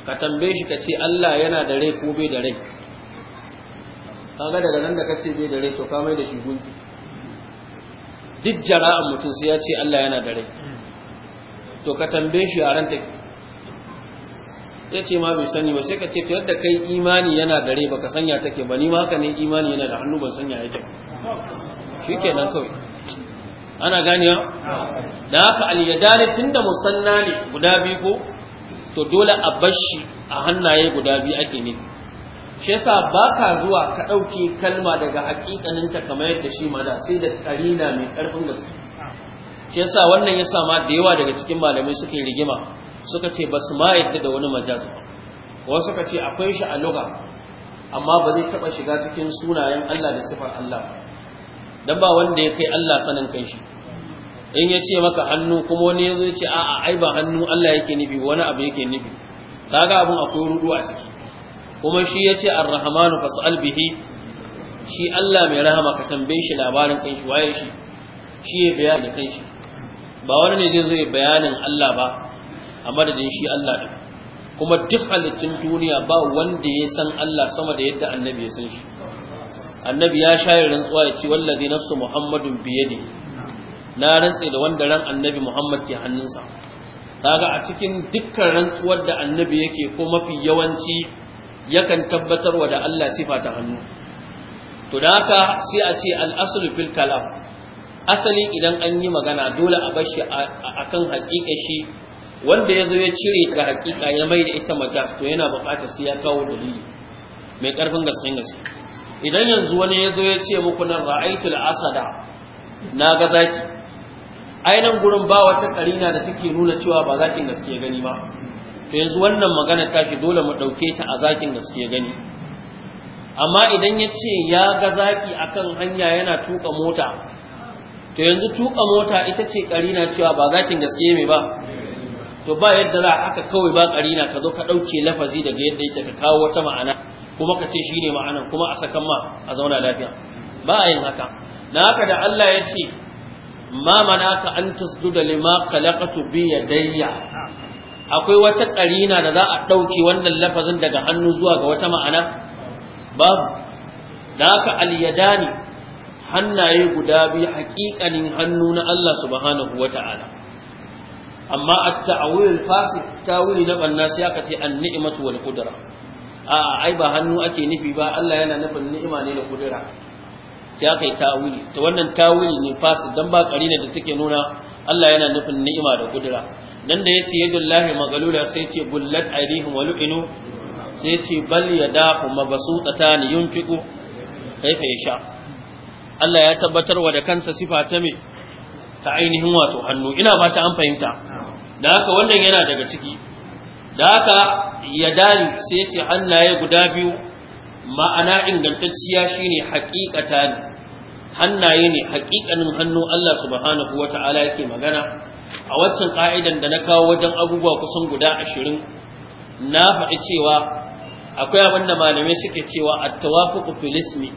ka tambaye shi kace Allah yana da rai ko bai da rai kaga daga nan da ka ce bai da rai to ka mai da shi gunki duk jara'an mutum sai ya ce Allah yana da rai to ka tambaye shi a ranta ya ce ma bai sani ba sai ka ce ta yadda kai imani yana da rai ka sanya take ba ni ma haka ne imani yana da hannu ban sanya yake nan kawai ana ganewa da haka aliyadari tun da musanna ne guda biyu ko to dole a bashi a hannaye guda biyu ake ne shi yasa baka zuwa ka dauke kalma daga hakikanin ta kamar yadda shi ma da sai da ƙarina mai ƙarfin gaske shi yasa wannan yasa ma da yawa daga cikin malamai suke rigima suka ce ba su ma yadda da wani majaz ba wasu suka ce akwai shi a luga amma ba zai taba shiga cikin sunayen Allah da sifar Allah dan ba wanda ya kai Allah sanin kai shi in ya ce maka hannu kuma wani ya zai ce a'a ai ba hannu Allah yake nufi wani abu yake nufi kaga abin akwai rudu a ciki kuma shi ya ce ar-rahmanu fas'al bihi shi Allah mai rahama ka tambaye shi labarin kan shi waye shi shi ya bayani kan shi ba wani ne zai zo bayanin Allah ba a madadin shi Allah din kuma duk halittun duniya ba wanda ya san Allah sama da yadda annabi ya san shi annabi ya yin rantsuwa ya ce wallazi nafsu muhammadun biyadi na rantse da wanda ran annabi muhammad ke hannunsa kaga a cikin dukkan rantsuwar da annabi yake ko mafi yawanci yakan tabbatarwa da Allah sifa ta hannu to da haka sai a ce al-aslu fil kalam asali idan an yi magana dole a bashi shi akan haƙiƙa shi wanda ya zo ya cire ta hakika ya mai da ita majas to yana buƙatar sai ya kawo dalili mai ƙarfin gaske gaske idan yanzu wani ya zo ya ce muku nan ra'aitul asada na ga zaki ainihin gurin ba wata karina da take nuna cewa ba zakin gaske gani ba to yanzu wannan magana tashi dole mu ɗauke ta a zakin gaske gani amma idan ya ce ya ga zaki akan hanya yana tuka mota to yanzu tuka mota ita ce karina cewa ba zakin gaske mai ba to ba yadda za haka kawai ba karina ka zo ka ɗauke lafazi daga yadda yake ka kawo wata ma'ana kuma ka ce shine ma'anan kuma a sakan ma a zauna lafiya ba a yin haka na haka da Allah ya ce ma an tasduda lima khalaqatu bi yadayya akwai wata ƙarina da za a ɗauke wannan lafazin daga hannu zuwa ga wata ma'ana babu da haka al hannaye guda biyu haƙiƙanin hannu na Allah subhanahu wata'ala amma at-ta'wil fasid tawili na banna sai aka ce an-ni'matu wal qudra a ai ba hannu ake nufi ba Allah yana nufin ni'ima ne da kudura sai aka yi tawili to wannan tawili ne fasid dan ba karina da take nuna Allah yana nufin ni'ima da kudura dan da yace yadullahi magalula sai yace bullat aydihim wa lu'inu sai yace bal yadahu mabsutatan yunfiqu kaifa yasha Allah ya tabbatar wa da kansa sifa ta me ta ainihin wato hannu ina fata an fahimta da haka wannan yana daga ciki da haka ya dani sai ce hannaye guda biyu ma'ana ingantacciya shine hakikata ne hannaye ne hakikanin hannu Allah subhanahu wata'ala yake magana a waccan ka'idan da na kawo wajen abubuwa kusan guda ashirin na faɗi cewa akwai abin da malamai suke cewa attawafuqu fil ismi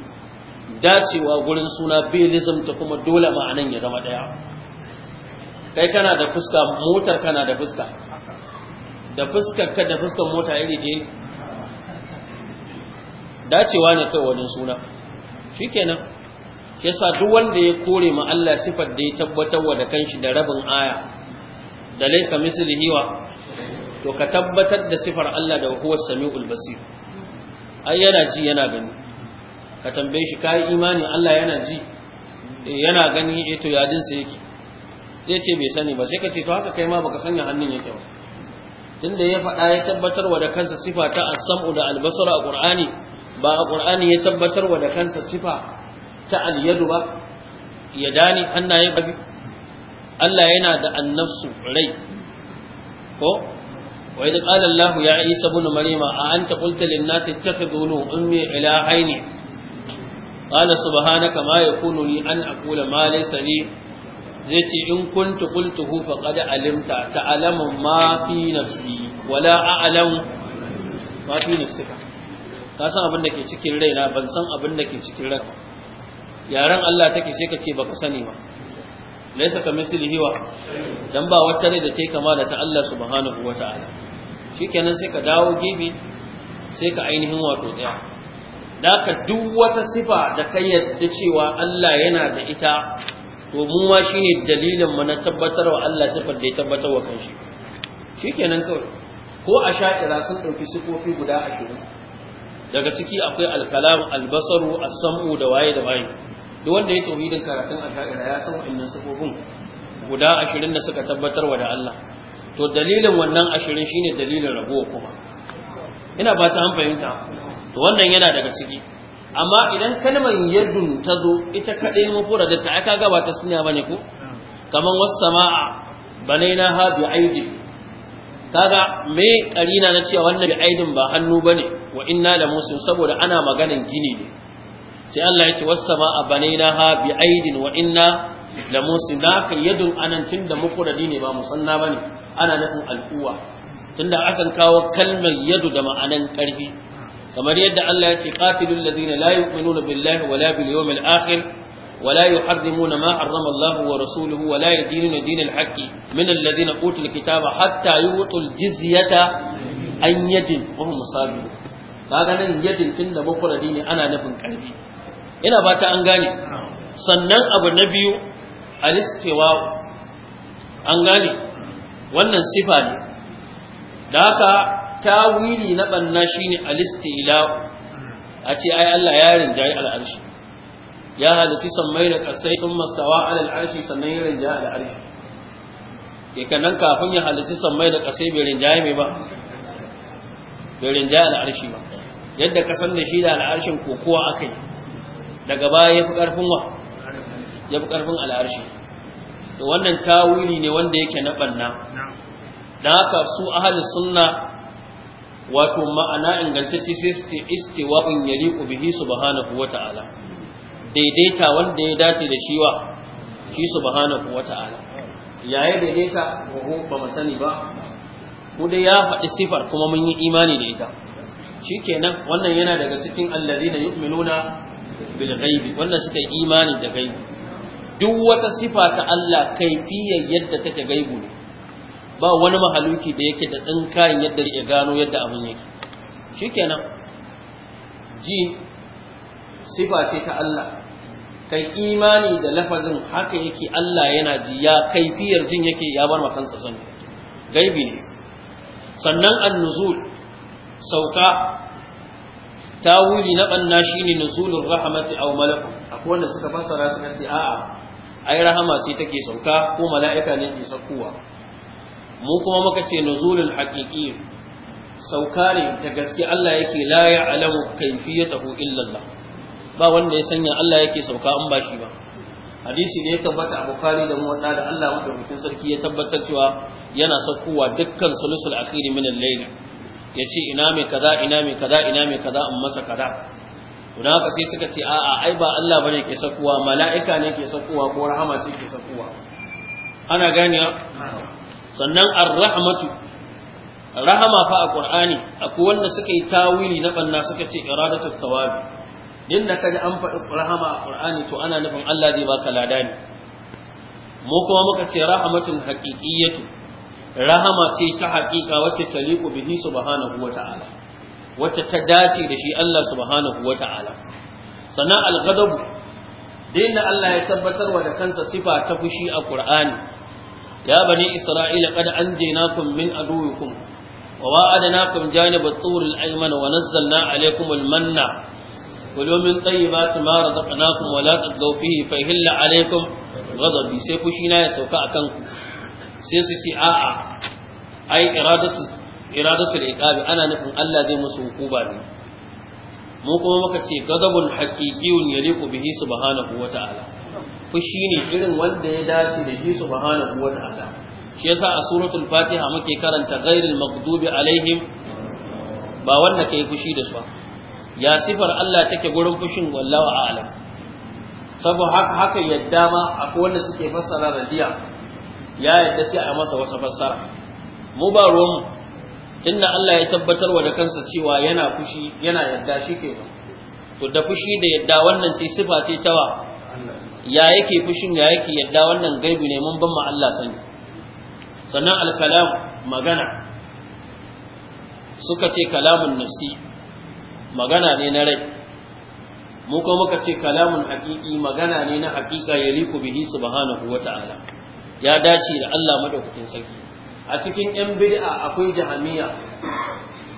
dacewa gurin suna bilism ta kuma dole ma'anan ya zama ɗaya. kai kana da fuska motar kana da fuska da fuskar ka da fuskar mota iri ɗaya dacewa ne kai wajen suna shikenan ke sa duk wanda ya kore ma Allah sifar da ya tabbatar wa da kanshi da rabin aya da laisa mislihi wa to ka tabbatar da sifar Allah da huwa samiul basir ai yana ji yana gani ka tambaye shi kai imani Allah yana ji eh, yana gani eh to yadin sa yake sai ce bai sani ba sai ka ce to haka kai ma baka sanya hannun yake ba tunda ya faɗa ya tabbatar wa da kansa sifa ta as-sam'u da al-basara a qur'ani ba a qur'ani ya tabbatar wa da kansa sifa ta al-yadu ba yadani hannaye ba Allah yana da annafsu rai ko wa idh qala Allah ya Isa ibn Maryam a anta qulta lin-nasi ittakhiduni ummi ilahaini qala subhanaka ma yakunu li an aqula ma laysa li zai ce in kuntu hufa kada alimta ta ma fi nafsi wala a ma fi nafsi ka Ka san abin da ke cikin raina ban san abin da ke cikin rai yaran Allah take sai ka ce baka sani ba ka kamislihi wa dan ba wata ne da take kama da ta Allah subhanahu wata'ala shikenan sai ka dawo gibi sai ka ainihin wato daya da ka duk wata sifa da ka yadda cewa Allah yana da ita to mu ma shine dalilin mu na tabbatar wa Allah sifar da ya tabbatar wa kanshi shikenan kawai ko a sha'ira sun dauki sifofi guda 20 daga ciki akwai al-kalam al-basaru as-sam'u da waye da waye duk wanda ya tauhidin karatun a sha'ira ya san wa'annan sifofin guda 20 da suka tabbatar wa da Allah to dalilin wannan 20 shine dalilin rabuwa kuma ina ba ta an fahimta to wannan yana daga ciki amma idan kalmar yadun ta zo ita kaɗai fura da ta aka gaba ta sunya bane ko kamar wasu sama'a banaina ha bi aidi kaga me karina na cewa wannan bi aidin ba hannu bane wa inna la musu saboda ana maganan gini ne sai Allah ya ce wasu sama'a banaina ha bi aidin wa inna la musu da ka yadun anan tunda fura dine ba mu sanna bane ana nufin al'uwa tunda akan kawo kalmar yadu da ma'anan karfi kamar yadda Allah ya ce qatilul ladina la yu'minuna billahi wala bil yawmil akhir wala yuharrimuna ma harrama Allah wa rasuluhu wala yadinuna dinal haqqi min alladhina utul kitaba hatta yu'tul jizyata an yadin wa hum musabiqun kaga yadin tun da bukura dini ana nufin karbi ina bata ta an gane sannan abu na biyu alistiwa an gane wannan sifa ne da haka tawili na banna shine alistila a ce ai Allah ya rinjayi al'arshi ya halitta sammai da kasai sun mastawa alal arshi sannan ya rinjayi al'arshi yake nan kafin ya halitta sammai da kasai bai rinjayi mai ba bai rinjayi al'arshi ba yadda kasan da shi da al'arshin kokowa akai daga baya ya fi karfin wa ya fi karfin al'arshi to wannan tawili ne wanda yake na banna dan haka su ahlus sunna wato ma'ana ingantacce sai su in istiwa'un yaliqu bihi subhanahu wata'ala daidaita wanda ya dace da shi wa shi subhanahu wata'ala yaya daidaita ko ba mu sani ba ko dai ya faɗi sifar kuma mun yi imani da ita shikenan wannan yana daga cikin alladhina yu'minuna bil ghaibi wanda suka yi imani da gaibi duk wata sifa ta Allah kaifiyar yadda take gaibu ne ba wani mahaluki da yake da kayan yadda ya gano yadda abin yake shikenan ji sifa ce ta Allah kai imani da lafazin haka yake Allah yana ji ya kaifiyar jin yake ya bar makansa sani gaibi ne sannan annuzul sauka ta wuri na banna shine nuzulun rahmati aw a akwai wanda suka fassara suka ce a'a ai rahama sai take sauka ko mala'ika ne ke saukowa mu kuma muka ce nuzulul haqiqi sauka ne da gaske Allah yake la ya'lamu kayfiyatahu illa Allah ba wanda ya sanya Allah yake sauka an bashi ba hadisi da ya tabbata a Bukhari da Muwatta da Allah madaukakin sarki ya tabbatar cewa yana saukowa dukkan sulusul akhiri min al-layl yace ina mai kaza ina mai kaza ina mai kaza an masa kaza haka sai suka ce a'a ai ba Allah bane ke saukowa mala'ika ne ke saukowa ko rahama ce ke saukowa ana ganiya sannan ar-rahmatu rahama fa a qur'ani akwai wanda suka yi tawili na banna suka ce iradatu thawabi din da kaji an faɗi rahama a qur'ani to ana nufin Allah zai baka lada ne mu kuma muka ce rahmatun haqiqiyatu rahama ce ta haƙiƙa wacce taliqu bihi subhanahu wata'ala wacce ta dace da shi Allah subhanahu wata'ala sannan al-ghadab din da Allah ya tabbatar wa da kansa sifa ta fushi a qur'ani ya bani isra'ila qad anjaynakum min aduwikum wa wa'adnakum janib at-tur al-ayman wa nazzalna alaykum al-manna kulu min tayyibati ma razaqnakum wa la tatghaw fihi fa hilla alaykum ghadabi sai fushi na ya sauka a ku sai su ce a'a ai iradatu iradatu al-iqabi ana nufin Allah zai masu hukuma ne mu kuma muka ce gadabun haqiqiyyun yaliqu bihi subhanahu wa ta'ala fushi ne irin wanda ya dace da shi subhanahu wata'ala shi yasa a suratul fatiha muke karanta ghairil maghdubi alaihim ba wanda kai fushi da su ya sifar Allah take gurin fushin wallahu a'lam saboda haka haka yadda ma akwai wanda suke fassara radiya ya yadda sai a masa wata fassara mu ba ruwan tunda Allah ya tabbatar wa da kansa cewa yana fushi yana yadda shi ke to da fushi da yadda wannan ce sifa ce ta wa ya yake fushin ya yake yadda wannan gaibi ne mun ban ma Allah sani sannan al-kalam magana suka ce kalamun nafsi magana ne na rai mu kuma muka ce kalamun haƙiƙi magana ne na haƙiƙa ya liku bihi subhanahu wata'ala ya dace da Allah madaukakin sarki a cikin yan bid'a akwai jahamiya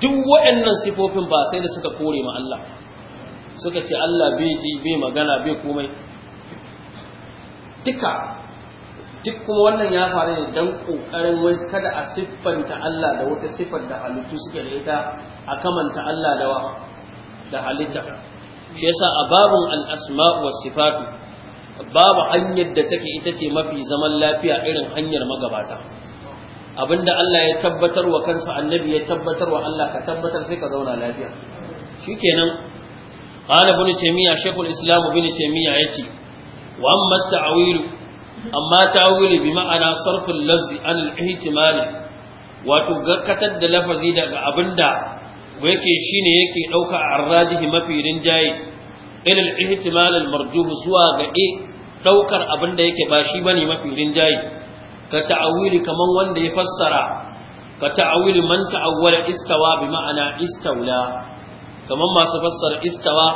duk waɗannan sifofin ba sai da suka kore ma Allah suka ce Allah bai ji bai magana bai komai duka duk kuma wannan ya faru ne don ƙoƙarin wai kada a siffanta Allah da wata siffar da halittu suke da ita a kamanta Allah da da halitta shi yasa a babun al asmau wa sifatu babu hanyar da take ita ce mafi zaman lafiya irin hanyar magabata abinda Allah ya tabbatar wa kansa annabi ya tabbatar wa Allah ka tabbatar sai ka zauna lafiya shikenan qala ibn taymiya shaykhul islam ibn taymiya yace wa amma ta'awilu amma ta'awilu bi ma'ana sarfin lafzi an al-ihtimali wato garkatar da lafazi daga abinda yake shine yake dauka arrajihi mafi rinjaye ila al-ihtimal al zuwa ga daukar abinda yake ba shi bane mafi rinjaye ka ta'awili kaman wanda ya fassara ka ta'awili man ta'awwala istawa bi ma'ana istawla Kamar masu fassara istawa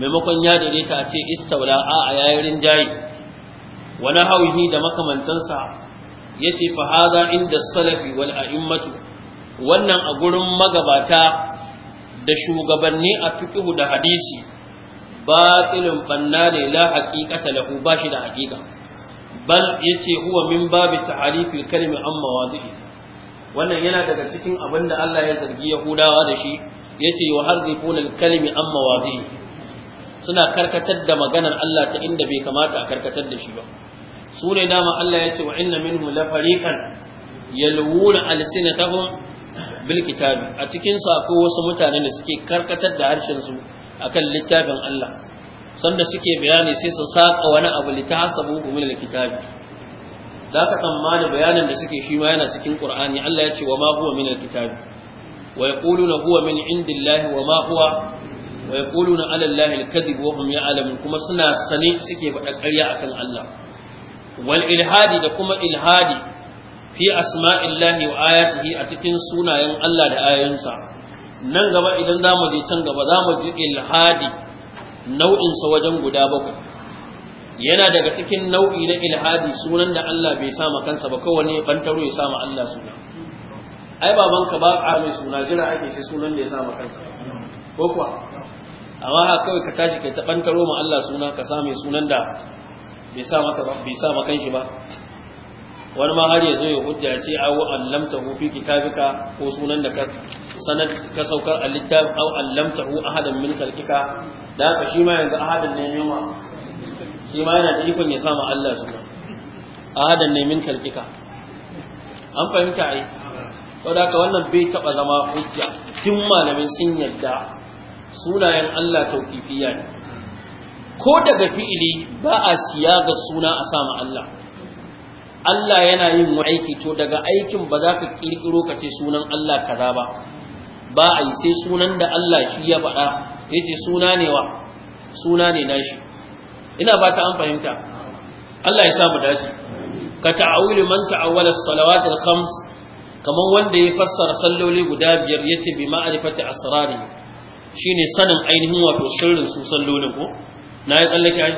maimakon ya dare ta ce istaula a a yayin rinjaye wani hauhi da makamantansa ya ce fahaza inda salafi wal a'immatu wannan a gurin magabata da shugabanni a fiqhu da hadisi batilun fanna ne la haqiqata lahu ba shi da haqiqa bal yace huwa min babi ta'arifi kalimi an mawadi'i wannan yana daga cikin abinda Allah ya zargi Yahudawa da shi yace yuharrifuna al-kalimi an mawadi'i suna karkatar da maganar Allah ta inda bai kamata a karkatar da shi ba su ne dama Allah ya ce wa inna minhu la fariqan yalwuna alsinatahum bil kitabi a cikin su akwai wasu mutane da suke karkatar da harshen su akan littafin Allah sanda suke bayani sai su saka wani abu litahasabu min alkitabi ka tsammani bayanin da suke shi ma yana cikin Qur'ani Allah ya ce wa ma huwa min alkitabi wa yaquluna huwa min indillahi wa ma huwa wa yaquluna ala allahi alkadhib wa hum ya'lamun kuma suna sane suke faɗa ƙarya akan Allah wal ilhadi da kuma ilhadi fi asma'illahi wa ayatihi a cikin sunayen Allah da ayoyinsa nan gaba idan zamu je can gaba zamu ji ilhadi nau'in sa wajen guda bakwai yana daga cikin nau'i na ilhadi sunan da Allah bai sa kansa ba kawai ne bantaro ya sa Allah suna ai babanka ba a mai suna jira ake shi sunan da ya sa kansa ko kuwa amma ha kawai ka tashi kai ta bantaro mu Allah suna ka same sunan da bai sa maka bai sa maka shi ba wani ma har ya zo ya hujja ya ce aw allamtahu fi kitabika ko sunan da ka sanar ka saukar a littafi aw allamtahu ahadan min khalqika da haka shi ma yanzu ahadan ne yamma shi ma yana da ikon ya sama Allah suna ahadan ne min khalqika an fahimta ai da haka wannan bai taba zama hujja duk malamin sun yadda sunayen Allah tauƙifiya ne ko daga fi'ili ba a siya ga suna a sama Allah Allah yana yin aiki to daga aikin ba za ka ƙirƙiro ka ce sunan Allah kaza ba ba a yi sai sunan da Allah shi ya faɗa ya ce suna ne wa suna ne nashi ina ba ta an fahimta Allah ya samu dace ka ta'awili man ta'awwala as-salawat al-khams kaman wanda ya fassara salloli guda biyar yace bi ma'rifati asrari shine sanin ainihin wato sirrin su sallolin ko na yi tsallake ai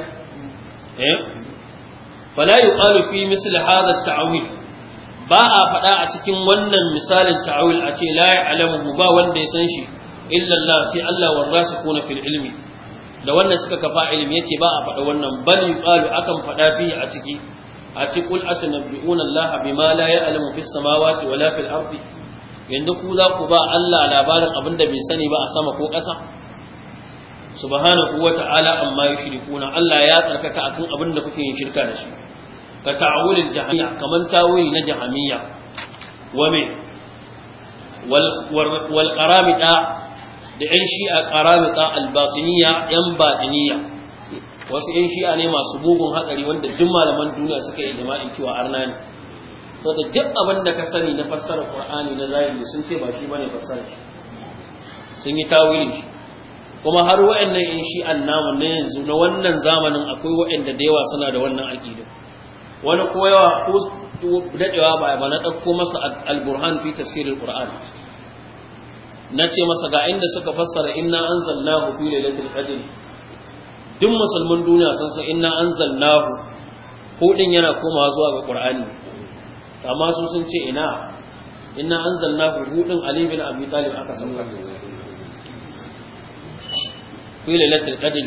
eh fala yuqalu fi misli hadha at ba a faɗa a cikin wannan misalin ta'awil a ce la ya'lamu ba wanda ya san shi sai Allah sai ko na fil ilmi da wannan suka kafa ilimi yace ba a faɗa wannan ban yuqalu akan faɗa fi a ciki a ce qul atanabbi'una Allah bima la ya'lamu fis samawati wala fil ardi yanzu ku za ku ba Allah labarin abin da bai sani ba a sama ko ƙasa subhanahu wata'ala amma ya yushrikuna Allah ya tsarkaka akan abin da kuke yin shirka da shi ka ta'awulil jahmiya kaman tawili na jahamiya. wa me wal wal qaramita da yan shi'a qaramita al batiniya yan batiniya wasu yan shi'a ne masu mugun hadari wanda duk malaman duniya suka yi jama'i cewa arna ne to da duk abin da ka sani na fassarar qur'ani na zahiri sun ce ba shi bane fassarar shi sun yi tawilin shi kuma har wa'annan in shi annama na yanzu na wannan zamanin akwai wa'anda da yawa suna da wannan aqida wani ko yawa ko dadewa ba ba na dauko masa al-burhan fi tafsir al Na nace masa ga inda suka fassara inna anzalnahu fi lailatul qadr duk musulmin duniya sun san inna anzalnahu ko din yana komawa zuwa ga qur'ani amma su sun ce ina inna anzalnahu hudun ali bin abi talib aka sauka fi lailatul qadr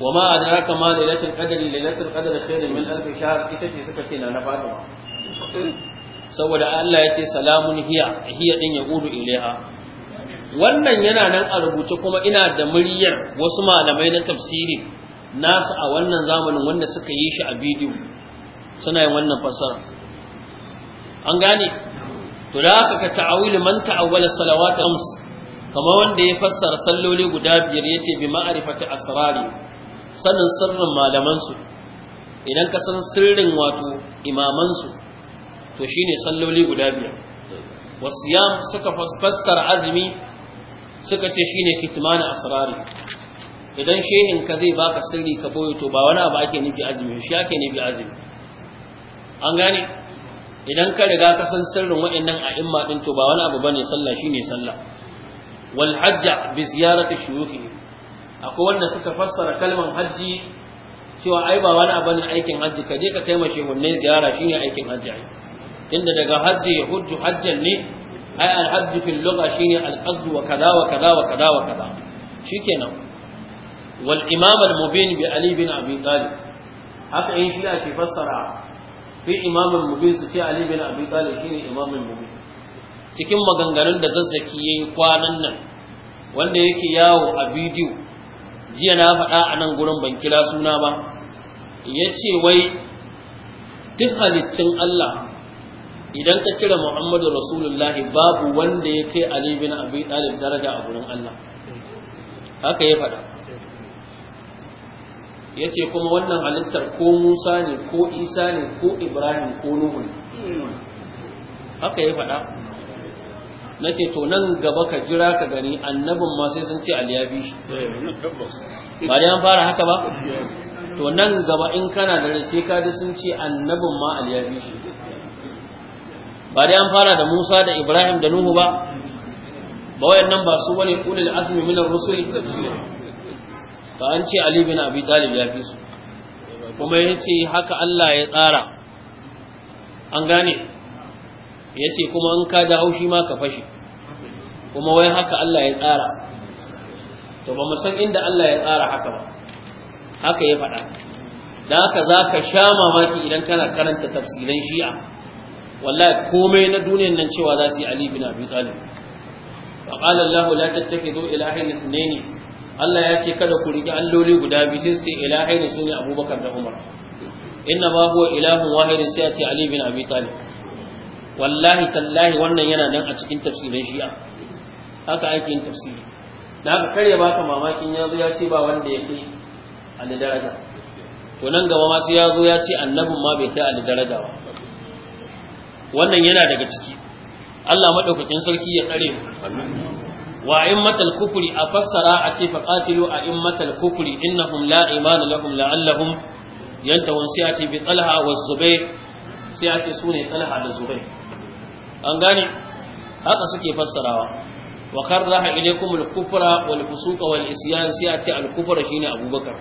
wa ma adraka ma lailatul qadr lailatul qadr khairun min alf shahr ita ce suka ce na na fatima saboda Allah ya ce salamun hiya hiya din yaqudu ilaiha wannan yana nan a rubuce kuma ina da muryar wasu malamai na tafsiri nasu a wannan zamanin wanda suka yi shi a bidiyo suna yin wannan fassara an gane to da haka ka ta'awil man ta'awwala salawat ams kamar wanda ya fassara salloli guda biyar yace bi ma'rifati asrari sanin sirrin malaman su idan ka san sirrin wato imaman su to shine salloli guda biyar wasiyam suka fassara azumi suka ce shine kitman asrari idan shehin ka zai baka sirri ka boye to ba wani abu ake nufi azumi shi ake nufi azumi an gane idan ka riga ka san sirrin waɗannan a'imma din to ba wani abu bane sallah shine sallah wal hajj bi ziyarati shuyukhi akwai wanda suka fassara kalman hajji cewa ai ba wani abu ne aikin hajji ka je ka kai mashi hunne ziyara shine aikin hajji tunda daga hajji ya hujju hajjan ne ai al hajji fil lugha shine al qasd wa kaza wa kaza wa kaza wa kaza shikenan wal imam al mubin bi ali bin abi talib haka in shi ake fassara fi imamul mubin su ce ali bin abi talib shine imamul mubin cikin maganganun da zazzaki yayi kwanan nan wanda yake yawo a bidiyo jiya na faɗa a nan gurin ban kira suna ba ya ce wai duk halittun Allah idan ka kira Muhammadu Rasulullahi babu wanda ya kai Ali bin Abi Talib daraja a gurin Allah haka ya faɗa ya ce kuma wannan halittar ko musa ne ko isa ne ko ibrahim ko nuhu ne haka ya faɗa na ce to nan gaba ka jira ka gani annabin ma sai sun ce aliyabi shi ba da yan fara haka ba to nan gaba in kana da sai ka ji sun ce annabin ma aliyabi shi ba da yan fara da musa da ibrahim da nuhu ba ba wayannan ba su bane kulil azmi minar rusuli ba an ce Ali bin Abi Talib ya fi su kuma ya ce haka Allah ya tsara an gane ya ce kuma an ka da haushi ma ka fashe kuma wai haka Allah ya tsara to ba mu san inda Allah ya tsara haka ba haka ya faɗa da haka za ka sha mamaki idan kana karanta tafsirin shi'a wallahi komai na duniyan nan cewa za su yi Ali bin Abi Talib فقال الله لا تتخذوا إلهين اثنين Allah ya ce kada ku riƙe alloli guda biyu sai sai, ce ilahai ne sun yi abubakar da umar inna ma huwa ilahun wahidin sai ce ali bin abi talib wallahi tallahi wannan yana nan a cikin tafsirin shi'a haka aikin tafsiri da haka kare baka mamakin ya zo ya ce ba wanda ya kai ali daraja to nan gaba ma sai ya zo ya ce annabin ma bai kai ali daraja ba wannan yana daga ciki Allah madaukakin sarki ya tsare mu wa immatal kufri a fassara a ce faqatilu a in immatal kufri innahum la imana lahum la'allahum yantahun sai a ce bi talha wa zubair sai a ce sune talha da zubair an gane haka suke fassarawa wa karraha ilaykum al-kufra wal fusuqa wal isyan sai a ce al-kufra shine abubakar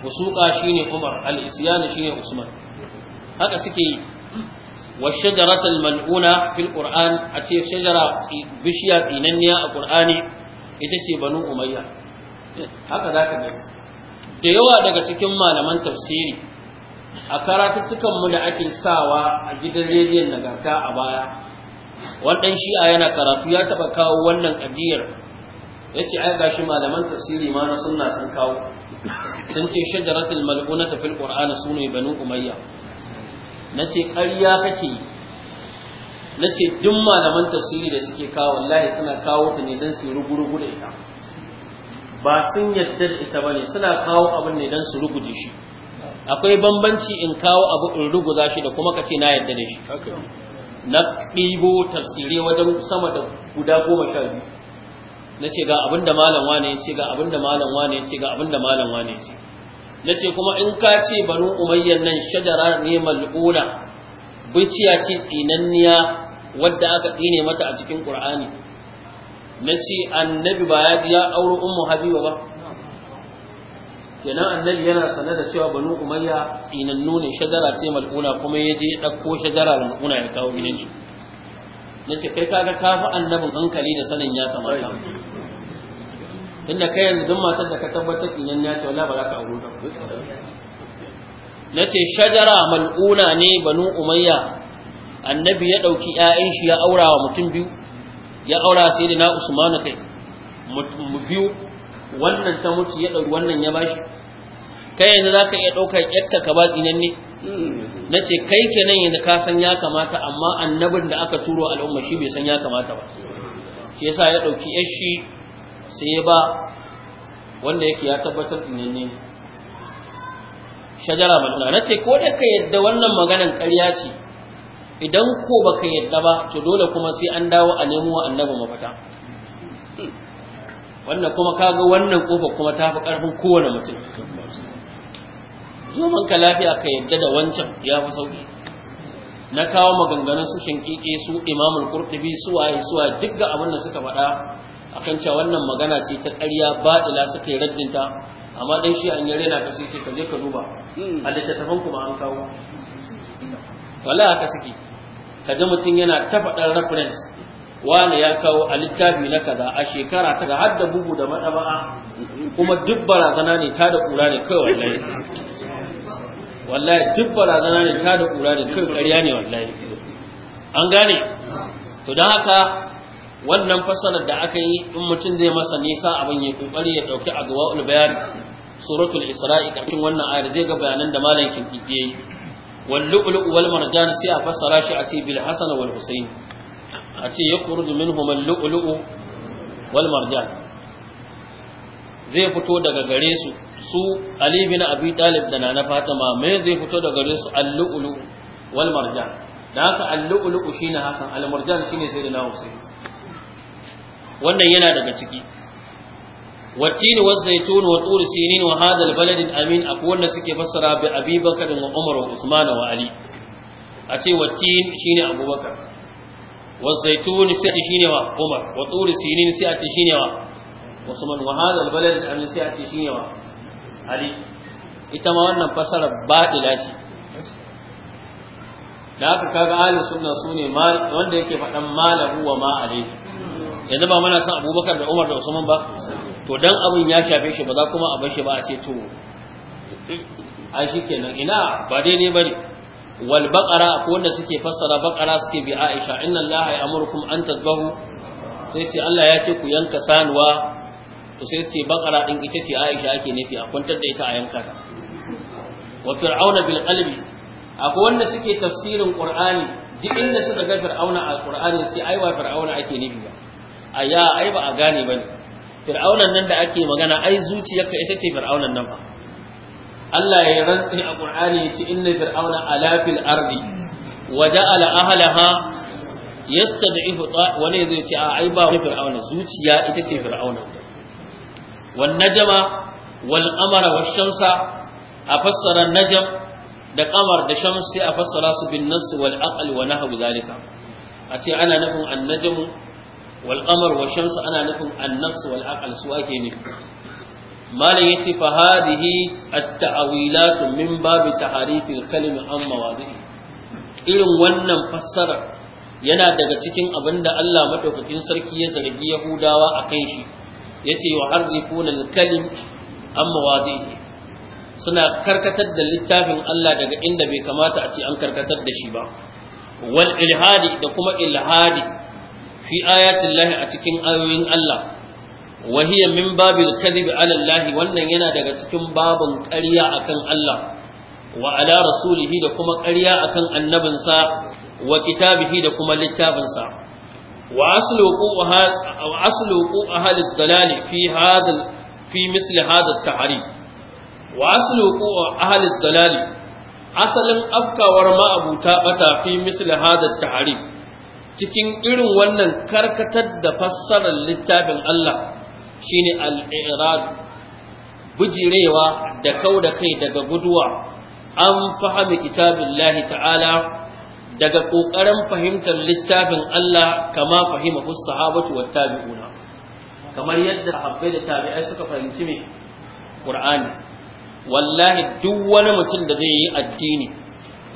fusuqa shine umar al-isyan shine usman haka suke yi والشجرة الملعونة في القرآن أتي شجرة بشيا إننيا القرآن إتتي بنو أمية هكذا da yawa daga cikin malaman tafsiri a karatuttukanmu da ake sawa a gidan rediyon nagarta a baya wannan shi'a yana karatu ya taɓa kawo wannan ƙadiyar ya ce ai shi malaman tafsiri ma na sunna sun kawo sun ce shajaratul mal'una ta fil qur'ani sunu banu umayya na ce ƙarya kake yi na ce duk malaman tafsiri da suke kawo wallahi suna kawo ta ne don su rugu-rugu da ita ba sun yadda da ita bane suna kawo abin ne don su ruguje shi akwai bambanci in kawo abu in ruguza shi da kuma ka ce na yadda da shi na ɗibo tafsiri wajen sama da guda goma sha biyu na ce ga abin da malam wane ya ce ga abin da malam wane ya ce ga abin da malam wane ya ce na ce kuma in ka ce banu umayyan nan shajara ne mal'una biciya ce tsinanniya wadda aka tsine mata a cikin qur'ani na ce annabi ba ya ya auro ummu habiba ba kenan annabi yana sanar da cewa banu umayya tsinannu ne shajara ce mal'una kuma ya je ɗauko shajara mal'una ya kawo gidan shi na ce kai kaga ga fi annabin hankali da sanin ya kamata inda kai yanzu duk matar da ka tabbatar inan ya ce wala ba za ka aure ta ce shajara mal'una ne banu umayya annabi ya dauki ƴaƴan shi ya aura wa mutum biyu ya aura sai da na usmanu kai mutum biyu wannan ta mutu ya dauki wannan ya bashi kai yanzu za ka iya daukar yakka ka ba inan ne na ce kai kenan yanzu ka san ya kamata amma annabin da aka turo al'umma shi bai san ya kamata ba shi yasa ya dauki yashi sai ya ba wanda yake ya tabbatar da ne shajara maduna na ce ko da ka yadda wannan maganan ƙarya ce idan ko baka yadda ba to dole kuma sai an dawo a nemo annabi mafata. wannan kuma kaga wannan kofa kuma ta fi ƙarfin kowane mutum zoman manka lafiya ka yadda da wancan ya fi sauki na kawo maganganun su shinkike su imamul qurtubi su waye su duk ga abin da suka faɗa akan cewa wannan magana ce ta ƙarya ila suka yi raddinta amma dan shi an yare na ka sai ce ka je ka duba a littattafan kuma an kawo Wala haka suke ka ga mutum yana ta faɗar reference wani ya kawo a littafi na kaza a shekara ta ga har da bugu da maɗaba'a kuma duk barazana ne ta da ƙura ne kai wallahi wallahi duk barazana ne ta da ƙura ne kai ƙarya ne wallahi an gane to don haka wannan fasalar da aka yi in mutum zai masa nisa abin ya kokari ya dauki ul bayan suratul isra'i karkin wannan ayar zai ga bayanan da malam kinkike yi wal lu'lu wal marjan sai a fasara shi a ce bil hasan wal husayn a ce yakhruju minhum al lu'lu wal marjan zai fito daga gare su su ali bin abi talib da nana fatima me zai fito daga gare su al lu'lu wal marjan da haka al lu'lu shine hasan al marjan shine sayyidina husayn wannan yana daga ciki والتين والزيتون وطور سينين وهذا البلد الأمين أقول سكي فسر بأبي بكر وعمر وعثمان وعلي أتي والتين شين أبو بكر والزيتون سأتي شين وعمر وطور سينين سأتي شين وعثمان وهذا البلد الأمين سأتي شين وعلي إتما وانا فسر بائلة da aka kaga ahli sunna sune wanda yake faɗan malahu wa ma alaihi yanzu ba muna san abubakar da umar da usman ba to dan abin ya shafe shi ba za kuma a bar shi ba a ce to ai shi kenan ina ba daidai ba ne wal baqara ko wanda suke fassara baqara suke bi aisha inna allaha ya'murukum an tadbahu sai sai Allah ya ce ku yanka sanuwa to sai suke baqara din ita ce aisha ake nufi a kwantar da ita a yanka ta wa fir'auna bil qalbi akwai wanda suke tafsirin qur'ani duk inda suka ga fir'auna a qur'ani sai aiwa fir'auna ake nufi ba a ya ai ba a gane ba ne fir'aunan nan da ake magana ai zuciyarka ita ce fir'aunan nan ba Allah ya rantsi a Qur'ani ya ce inna fir'auna ala fil ardi wa ja'ala ahlaha yastad'ifu wani zai ce a ai ba fir'auna zuciya ita ce fir'auna wan najma wal qamara wash shamsa a fassara najm da ƙamar da shams sai a fassara su bin nas wal aql wa nahwu zalika a ce ana nufin annajmu Wal'amar qamar ana nufin an-nafs wal aql su ake nufi malam yace fa hadhihi min bab taharif kalim irin wannan fassara yana daga cikin abinda Allah madaukakin sarki ya zargi Yahudawa kan shi yace yuharrifuna al-kalim an mawadi'i suna karkatar da littafin Allah daga inda bai kamata a ce an karkatar da shi ba wal ilhadi da kuma ilhadi fi ayatin lahi a cikin ayoyin Allah wahiyar min babil kadhib ala Allah wannan yana daga cikin babin ƙarya akan Allah wa ala rasulihi da kuma ƙarya akan annabinsa wa kitabihi da kuma littafinsa wa asluqu wa asluqu ahli dalal fi misli fi misl hada at-ta'rif a asluqu ahli dalal asalin afkawar ma bata fi misli hada at cikin irin wannan karkatar da fassarar littafin Allah shine al-i'rad bujirewa da kau da kai daga guduwa an fahimi kitabillahi ta'ala daga kokarin fahimtar littafin Allah kama fahimahu sahabatu wat tabi'una kamar yadda sahabbai da tabi'ai suka fahimci me Qur'ani wallahi duk wani mutum da zai yi addini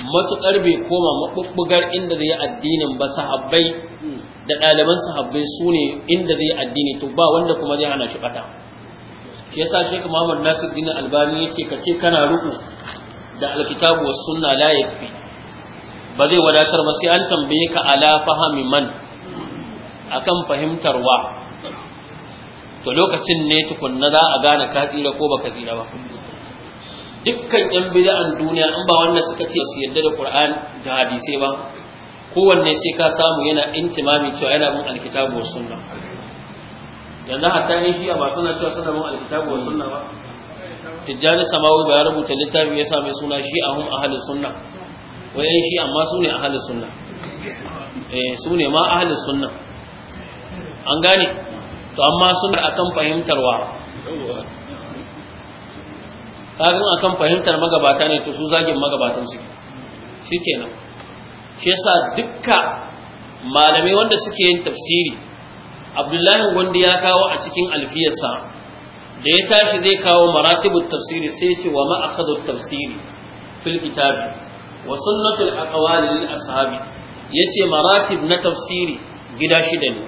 matuƙar bai koma maɓuɓɓugar inda zai addinin ba sahabbai da ɗaliban sahabbai su ne inda zai addini to ba wanda kuma zai hana shi ɓata ke sa shi kuma Muhammad Nasir Dini Albani yake ka ce kana ruku da alkitabu wasu sunna la fi ba zai wadatar ba sai an tambaye ka ala fahami man akan fahimtar wa to lokacin ne tukunna za a gane ka tsira ko ba ka tsira ba dukkan yan bid'an duniya in ba wannan suka ce su yarda da Qur'an da hadisi ba kowanne sai ka samu yana intimami cewa yana bin alkitabu was sunna yanzu hatta yin shi ba suna cewa suna bin alkitabu was sunna ba tijjani samawi ba ya rubuta littafi ya sa mai suna shi a hun ahalin sunna 'yan shi amma su ne ahalin sunna eh su ne ma ahalin sunna an gane to amma suna akan fahimtarwa kagan akan fahimtar magabata ne to su zagin magabatan su shikenan shi yasa dukka malamai wanda suke yin tafsiri Abdullahi wanda ya kawo a cikin alfiyarsa da ya tashi zai kawo maratibu tafsiri sai ce wa ma'akadu tafsiri fil kitabi wa sunnatul aqwali lil ashabi yace maratib na tafsiri gida shida ne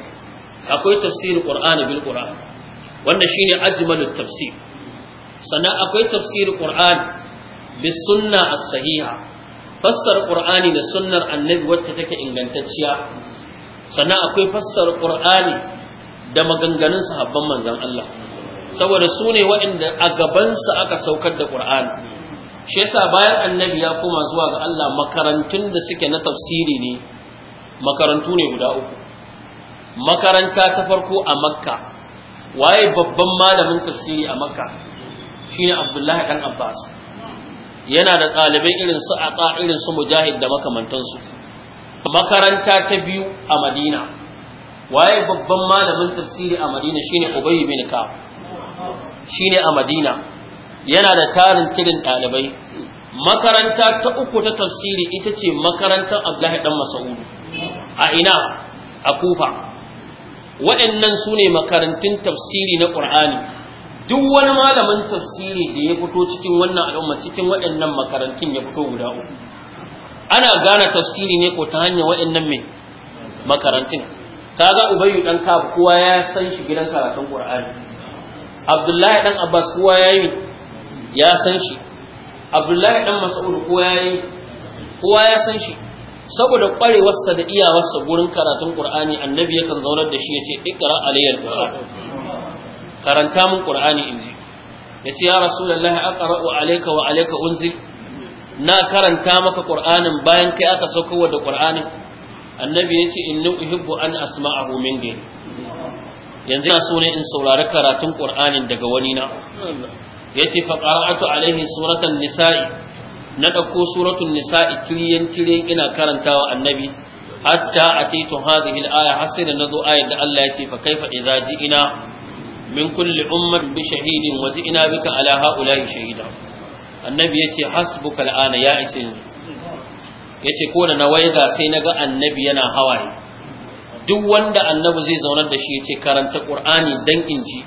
akwai tafsirul qur'ani bil qur'an wanda shine ajmalu tafsir sannan akwai tafsirin qur'ani Bissunna sunna as-sahiha fassar qur'ani da sunnar annabi wacce take ingantacciya sannan akwai fassar qur'ani da maganganun sahabban manzon Allah saboda su ne waɗanda a gabansa aka saukar da qur'ani shi yasa bayan annabi ya koma zuwa ga Allah makarantun da suke na tafsiri ne makarantu ne guda uku makaranta ta farko a makka waye babban malamin tafsiri a makka shine abdullahi dan abbas yana da ɗalibai irin su aqa irin su mujahid da makamantansu makaranta ta biyu a madina waye babban malamin tafsiri a madina shine ubayy bin ka'ab shine a madina yana da tarin tirin ɗalibai makaranta ta uku ta tafsiri ita ce makarantar abdullahi dan mas'ud a ina a kufa waɗannan su ne makarantun tafsiri na ƙur'ani duk wani malamin tafsiri da ya fito cikin wannan al'umma cikin waɗannan makarantun ya fito guda uku ana gane tafsiri ne ko ta hanyar waɗannan mai makarantun kaga ubayu dan kaf kowa ya san shi gidan karatun qur'ani abdullahi dan abbas kowa ya yi ya san shi abdullahi dan mas'ud kowa ya yi kowa ya san shi saboda kwarewarsa da iyawarsa gurin karatun qur'ani annabi yakan zaunar da shi ya ce ikra alayyal qur'an karanta min qur'ani in ji yace ya rasulullahi aqra'u alayka wa alayka unzil na karanta maka qur'anin bayan kai aka sauko da qur'anin annabi yace inni uhibbu an asma'ahu min ghayri yanzu ina so ne in saurari karatun qur'anin daga wani na yace fa qara'atu Alayhi suratan nisa'i na dauko suratul nisa'i tiriyan tiriyan ina karantawa annabi hatta atitu hadhihi al-aya hasina nazo ayat da Allah yace fa kaifa idza ji'ina min kulli ummar bi shahidin wa ina bika ala haula'i shahida annabi yace hasbuka al'ana ya ishe ni yace ko da na waiga sai naga annabi yana hawaye duk wanda annabi zai zaunar da shi yace karanta qur'ani dan inji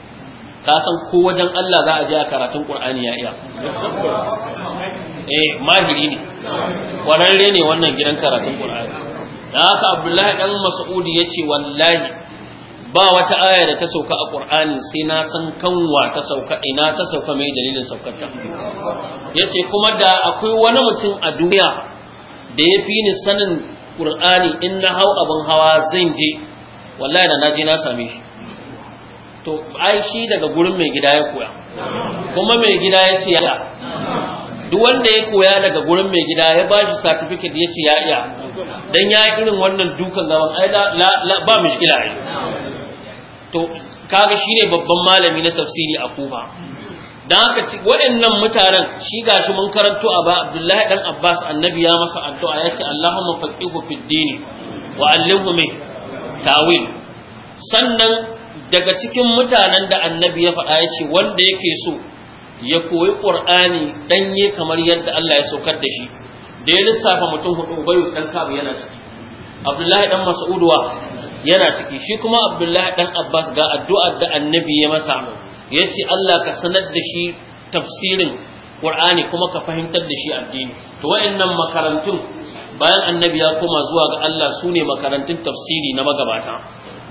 ka san ko wajen Allah za a je a karatun qur'ani ya iya eh mahiri ne kwararre ne wannan gidan karatun qur'ani da haka abdullahi dan mas'udi yace wallahi ba wata aya da ta sauka a Kur'ani sai na san kanwa ta sauka ina ta sauka mai dalilin saukar ta ce kuma da akwai wani mutum a duniya da ya fi ni sanin ƙur'ani in na hau abin hawa zan je wallahi da je na same shi to ai shi daga gurin mai gida ya koya kuma mai gida ya ya duk wanda ya koya daga gurin mai gida ya bashi certificate ya ce ya iya dan ya irin wannan dukan zaman ai ba mishkila ai to kaga shine babban malami na tafsiri a Kufa dan haka waɗannan mutanen shi gashi mun karanto a ba Abdullahi dan Abbas annabi ya masa addu'a yake Allahumma faqihu fid din wa allimhu min tawil sannan daga cikin mutanen da annabi ya faɗa ya ce wanda yake so ya koyi ƙur'ani ɗanye kamar yadda Allah ya saukar da shi da ya lissafa mutum hudu ubayu dan kabu yana ciki Abdullahi dan Mas'ud yana ciki shi kuma abdullahi dan abbas ga addu'ar da annabi ya masa ya ce allah ka sanar da shi tafsirin qur'ani kuma ka fahimtar da shi addini to wayannan makarantun bayan annabi ya koma zuwa ga allah sune makarantun tafsiri na magabata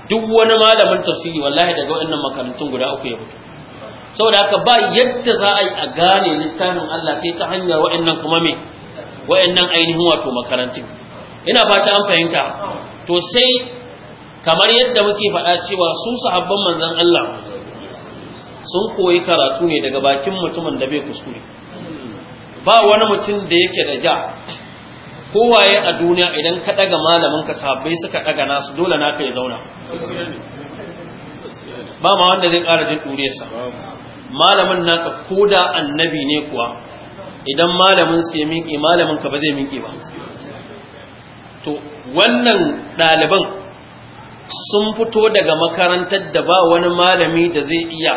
duk wani malamin tafsiri wallahi daga wayannan makarantun guda uku ya fito saboda haka ba yadda za a yi a gane littafin allah sai ta hanyar wayannan kuma me wayannan ainihin wato makarantun ina fata an fahimta to sai kamar yadda muke faɗa cewa su sahabban manzon Allah sun koyi karatu ne daga bakin mutumin da bai kuskure ba wani mutum da yake da ja kowaye a duniya idan ka daga malamin ka sahabbai suka daga nasu dole na kai zauna ba ma wanda zai ƙara jin dure sa. malamin naka ko da annabi ne kuwa idan malamin su ya miƙe malamin ka ba zai miƙe ba to wannan ɗaliban sun fito daga makarantar da ba wani malami da zai iya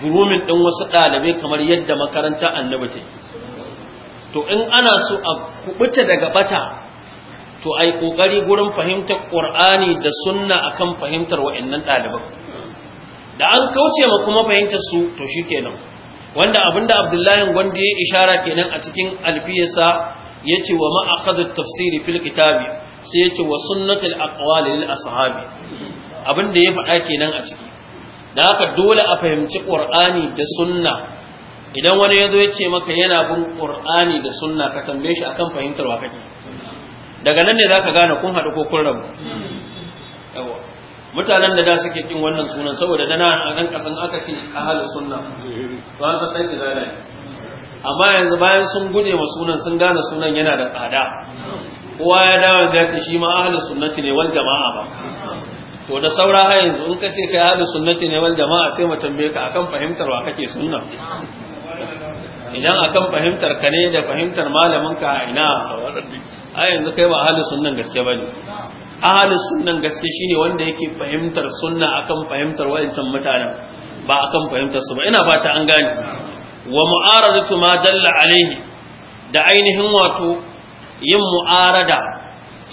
gurumin ɗin wasu ɗalibai kamar yadda makaranta annabi ce to in ana so a kubuta daga bata to ai kokari gurin fahimtar qur'ani da sunna akan fahimtar wa'annan ɗaliban da an kauce ma kuma fahimtar su to shikenan wanda abinda abdullahi gwandi ya ishara kenan a cikin alfiyarsa ce wa ma tafsiri fil kitabi sai yace wa sunnatul aqwal lil ashabi abin da ya faɗa kenan a ciki da haka dole a fahimci qur'ani da sunna idan wani ya zo ya ce maka yana bin qur'ani da sunna ka tambaye shi akan fahimtar wa kake daga nan ne zaka gane kun haɗu ko kun rabu mutanen da da suke kin wannan sunan saboda dana a nan kasan aka ce ahlus sunna ba san da izala amma yanzu bayan sun guje wa sunan sun gane sunan yana da tsada kowa ya dawo ta shi ma ahlus sunnati ne wal jama'a ba to da saura a yanzu in ka ce kai ahlus sunnati ne wal jama'a sai mu tambaye ka akan fahimtar wa kake sunna idan akan fahimtar ka ne da fahimtar malamin ka ina a yanzu kai ba ahlus sunnan gaske bane ahlus sunnan gaske shine wanda yake fahimtar sunna akan fahimtar wa'ancan mutanen ba akan fahimtar su ba ina fata an gane wa mu'aradatu ma dalla alaihi da ainihin wato yin mu'arada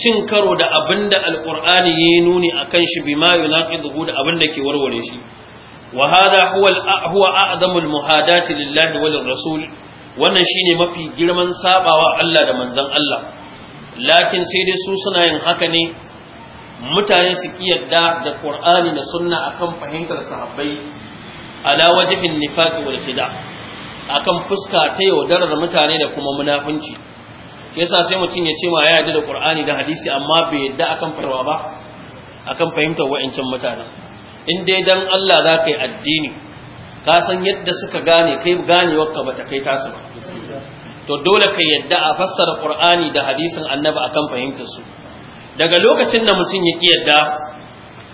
cin karo da abinda da alƙur'ani ya yi nuni a kan shi bima yunaqiduhu da abin da ke warware shi wa hada huwa a'zamul muhadati lillahi wal rasul wannan shine mafi girman sabawa Allah da manzon Allah lakin sai dai su suna yin haka ne mutane su kiyarda da Qur'ani da sunna akan fahimtar sahabbai ala wajhin nifaqi wal khida akan fuska ta yaudarar mutane da kuma munafunci shi yasa sai mutum ya ce ma ya yarda da Qur'ani da hadisi amma bai yarda akan farwa ba akan fahimtar wa'ancan mutanen in dai dan Allah za ka yi addini ka san yadda suka gane kai wakka ba ta kai tasu ba to dole ka yadda a fassara Qur'ani da hadisin Annabi akan fahimtar su daga lokacin da mutum ya ki yadda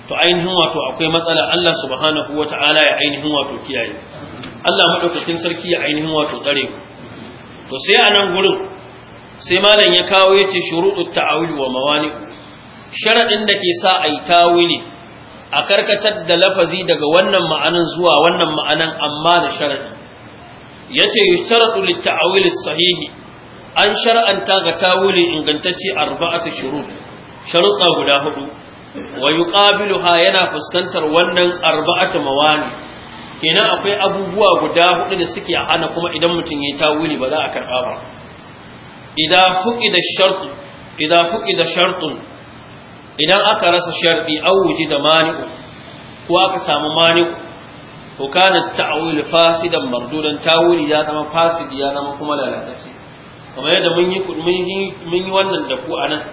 to ainihin wato akwai matsala Allah subhanahu wata'ala ya ainihin wato kiyaye Allah madaukakin sarki ya ainihin wato tsare ku to sai a nan gurin sai malam ya kawo yace shuruɗu ta'awil wa mawani sharadin da ke sa ai tawili a karkatar da lafazi daga wannan ma'anan zuwa wannan ma'anan amma da sharadi yace yusharatu lit ta'awil sahihi an shar'anta ga tawili ingantacce arba'atu shurut sharuɗa guda hudu wa yuqabiluha yana fuskantar wannan arba'atu mawani kenan akwai abubuwa guda hudu da suke hana kuma idan mutum ya tawili ba za a karba ba idan fuqida shartu idan fuqida shartu idan aka rasa sharti aw wujida mani'u ko aka samu mani'u ko kana ta'wil fasidan mardudan tawili ya zama fasidi ya zama kuma lalatacce kamar yadda mun yi mun yi wannan da ku anan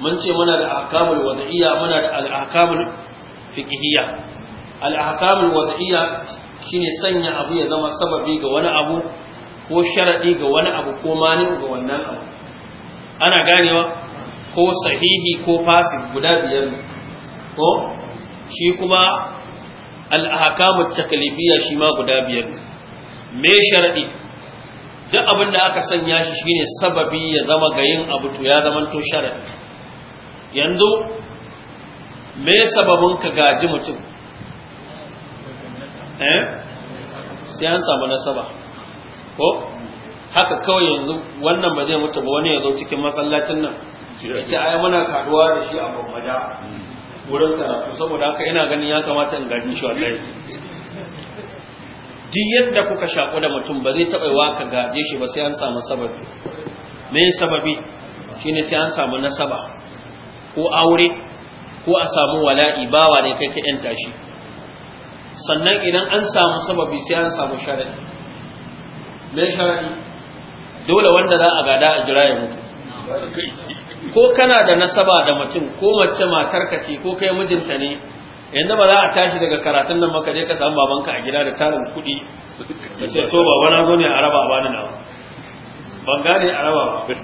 mun ce muna da ahkamul wada'iyya muna da al-ahkamul fiqhiyya al-ahkamul wada'iyya shine sanya abu ya zama sababi ga wani abu ko sharaɗi ga wani abu ko mani ga wannan abu ana ganewa ko sahihi ko fasid guda biyar ne ko shi kuma al'akamun takalibiya shi ma guda biyar me sharaɗi duk abin da aka sanya shi shine sababi ya zama ga yin abu to ya zama to sharaɗi yanzu me sababin ka gaji mutum eh sai an samu nasaba ko haka kawai yanzu wannan ba zai mutu ba wani ya zo cikin masallacin nan yace ai muna kaduwa da shi a bambada wurin karatu saboda haka ina ganin ya kamata in gaji shi wallahi duk yadda kuka shaku da mutum ba zai taɓa wa ka gaje shi ba sai an samu sababi me sababi shine sai an samu nasaba ko aure ko a samu wala'i bawa ne kai ka yanta shi sannan idan an samu sababi sai an samu sharadi me sharadi dole wanda za a gada a jira ya mutu ko kana da nasaba da mutum ko mace matarka ce ko kai mijinta ne yanzu ba za a tashi daga karatun nan maka je ka samu babanka a gida da tarin kuɗi ka ce to baba na zo ne a raba ba ni nawa ban gane a raba ba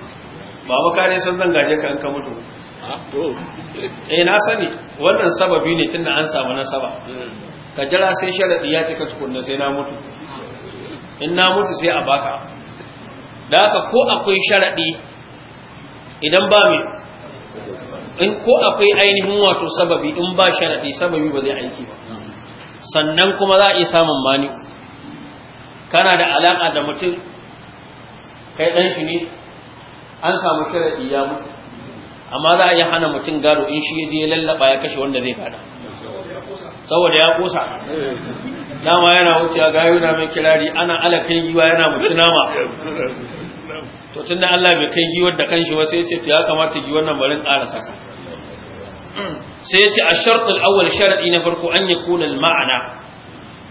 baba ka ne san zan gaje ka in ka mutu eh na sani wannan sababi ne tunda an samu nasaba ka jira sai sharadi ya cika tukunna sai na mutu in na mutu sai a baka da haka ko akwai sharaɗi idan ba mai in ko akwai ainihin wato sababi in ba sharaɗi sababi ba zai aiki ba sannan kuma za a iya samun mani kana da alaƙa da mutum kai ɗan shi ne an samu sharaɗi ya mutu amma za a iya hana mutum gado in shi ya lallaba ya kashe wanda zai fada? saboda ya kosa Nama yana wucewa gayu na mai kirari ana ala yi wa yana mutu nama to da Allah bai kai giwar da kanshi ba sai ya ce ya kamata giwar nan barin ƙara saka sai ya ce a sharɗin awal sharaɗi na farko an yi kunan ma'ana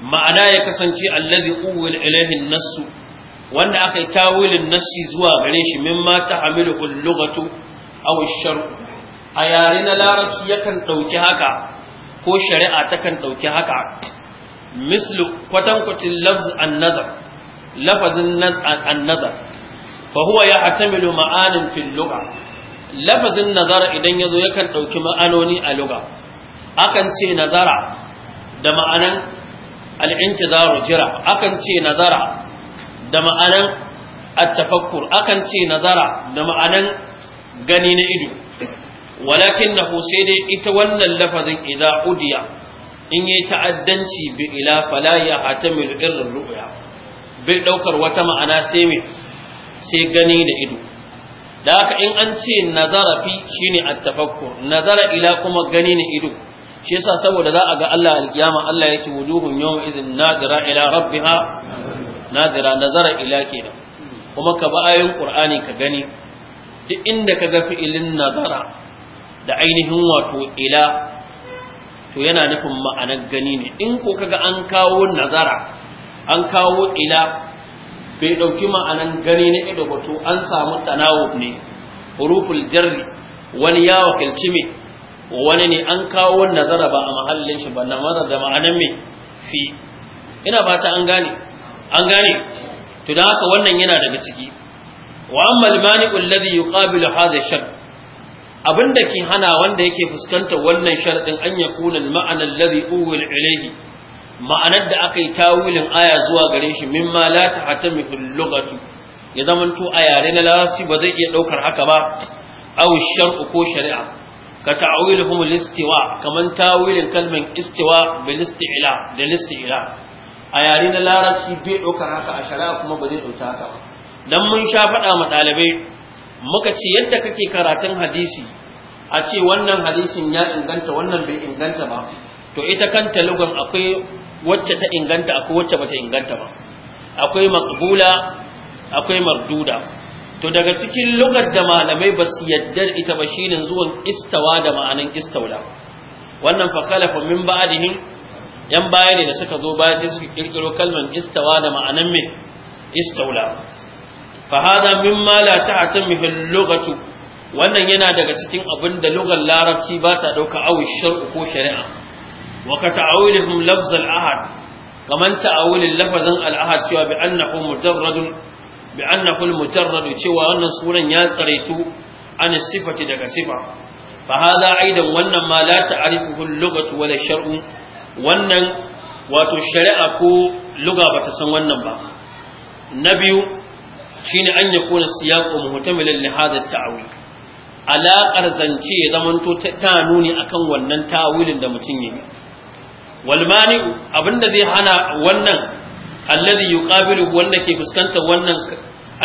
ma'ana ya kasance allazi uwil ilahin nasu, wanda aka yi tawilin nassi zuwa gare shi min ma ta hamilu kullugatu aw shar'u a yare na larabci yakan ɗauki haka ko shari'a takan ɗauki haka mislu kwatankwacin lafz annazar lafazin annazar fa huwa ya atamilu ma'anin fil lugha lafazin nazara idan yazo yakan dauki ma'anoni a lugha akan ce nazara da ma'anan al-intizaru jira akan ce nazara da ma'anan at akan ce nazara da ma'anan gani na ido walakin na sai dai ita wannan lafazin idza udiya in yi ta'addanci bi ila fala ya hatamil irin ru'ya bai ɗaukar wata ma'ana sai mai sai gani da ido da haka in an ce nazara fi shine tafakko nazara ila kuma gani na ido shi yasa saboda za a ga Allah alkiyama Allah ya ce yawan yawm izin nadira ila rabbiha nadira nazara ila kenan kuma ka ba'ayin qur'ani ka gani duk inda ka ga fi'ilin nazara da ainihin wato ila to yana nufin ma'anar gani ne in ko kaga an kawo nazara an kawo ila bai ɗauki ma'anar gani na ido ba to an samu tanawu ne huruful jarri wani ya wakilci me wani ne an kawo nazara ba a mahallin shi ba namara da ma'anar me fi ina ba ta an gane an gane to don haka wannan yana daga ciki wa amma al-mani'u alladhi yuqabilu hadha shakk abin da ke hana wanda yake fuskantar wannan sharadin an ya kuna ma'anar ladhi ma'anar da aka yi tawilin aya zuwa gare shi mimma la tahtamilu lughatu ya zamanto a yare na larabci ba zai iya ɗaukar haka ba aw shar'u ko shari'a ka ta'wiluhum al-istiwa kaman tawilin kalman istiwa bil isti'la da isti'la a yare na larabci bai ɗaukar haka a shari'a kuma ba zai ɗauka haka ba dan mun sha faɗa ma ɗalibai muka ce yadda kake karatun hadisi a ce wannan hadisin ya inganta wannan bai inganta ba to ita kanta lugan akwai wacce ta inganta akwai wacce bata inganta ba akwai maqbula akwai marduda to daga cikin lugar da malamai ba su yadda ita ba shine zuwan istawa da ma'anin istaula wannan fa khalafa min ba'dihim yan baya ne da suka zo baya sai su kirkiro kalmar istawa da ma'anan me istaula fa min mimma la ta'tamihu al lokacin wannan yana daga cikin abin da lugar larabci ba ta ɗauka awi shar'u ko shari'a wa ka ta'awilihum lafz ahad kaman ta'awilin lafazin alahad ahad cewa bi annahu mujarradun bi annahu al cewa wannan sunan ya tsaraitu an sifati daga sifa فهذا aidan wannan ما لا تعرفه اللغة ولا sharu wannan wato shari'a ko luga bata san wannan ba na biyu shine an yakuna siyaqu muhtamilan li hadha at-ta'wil alaqar zance ya zamanto ta nuni akan wannan tawilin da mutum yi wal mani abinda zai hana wannan alladhi yuqabilu wanda ke fuskantar wannan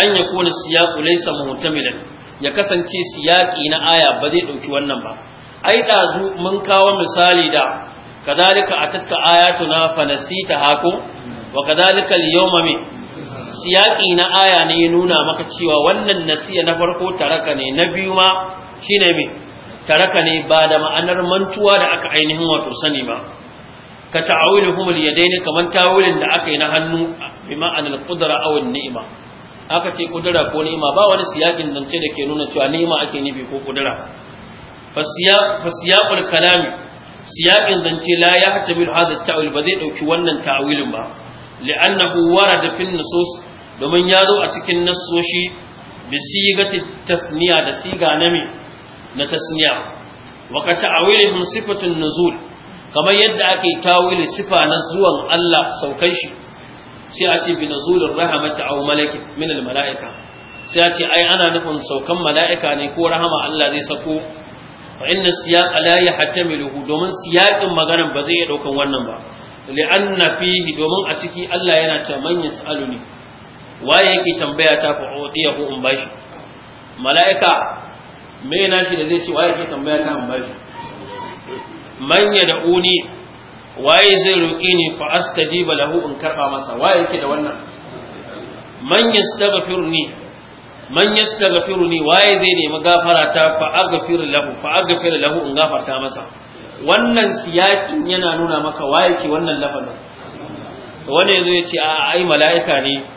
an yakuna siyaqu laysa muhtamilan ya kasance siyaqi na aya ba zai dauki wannan ba ai dazu mun kawo misali da kadalika atatka ayatuna fanasita hako wa kadalika al-yawma min siyaki na aya ne ya nuna maka cewa wannan nasiya na farko taraka ne na biyu ma ne mai taraka ne ba da ma'anar mantuwa da aka ainihin wato sani ba ka ta'awiluhum ya daini kamar ta'awilin da aka yi na hannu bi ma'anar a wani ni'ima aka ce kudura ko ni'ima ba wani siyakin zance da ke nuna cewa ni'ima ake nufi ko kudura siyaƙul kalami siyakin zance la ya hace bil hada ta'awil ba zai dauki wannan ta'awilin ba لأنه ورد في النصوص domin ya zo a cikin nassoshi bi sigati tasniya da siga na me na tasniya wa ka ta'awilihim sifatun nuzul kamar yadda ake tawili sifa na zuwan Allah saukan shi sai a ce bi nuzulir rahmati aw malaikat min al malaika sai a ce ai ana nufin saukan malaika ne ko rahama Allah zai sako fa inna siyaq la yahtamiluhu domin siyaqin maganar ba zai iya daukan wannan ba li'anna fihi domin a ciki Allah yana ta man yasaluni waye yake tambaya ta fa utiyahu in bashi malaika me na shi da zai ce waye yake tambaya ta in bashi man yad'uni waye zai roƙi ni fa astajiba lahu in karba masa waye yake da wannan man yastaghfirni man yastaghfirni waye zai nemi gafara ta fa aghfir lahu fa aghfir lahu in gafarta masa wannan siyakin yana nuna maka waye ke wannan lafazin wani yanzu ya ce a ai mala'ika ne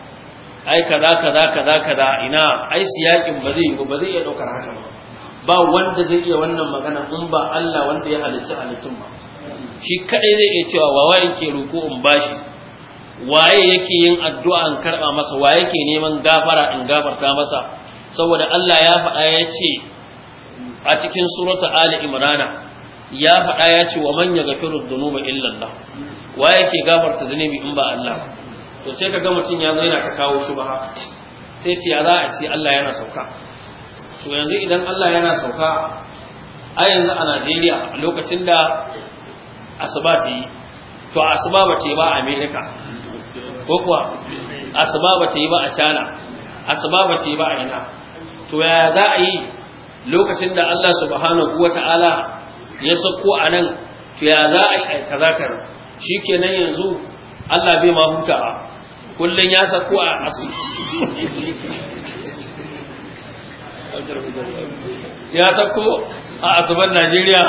ai kaza kaza kaza kaza ina ai siyakin ba zai yi ba zai iya daukar haka ba ba wanda zai iya wannan magana in ba Allah wanda ya halicci halittun ba shi kadai zai iya cewa wa waye ke ruku in bashi waye yake yin addu'a in karba masa waye yake neman gafara in gafarta masa saboda Allah ya faɗa ya ce a cikin surata Ali Imrana ya faɗa ya ce wa man yaghfiru dhunuba illa Allah waye yake gafarta zunubi in ba Allah ba to sai ka ga mutum ya zo yana ka kawo shubha sai ce ya za a ce Allah yana sauka to yanzu idan Allah yana sauka a yanzu a Najeriya a lokacin da asuba ta yi to asuba ba ta yi ba a Amerika ko kuwa asuba ba ta yi ba a China asuba ba ta yi ba a ina to ya za a yi lokacin da Allah subhanahu wata'ala ya sauko a nan to ya za a yi kaza kaza kenan yanzu Allah bai ma a kullum ya sako a asu ya sako a asuban Najeriya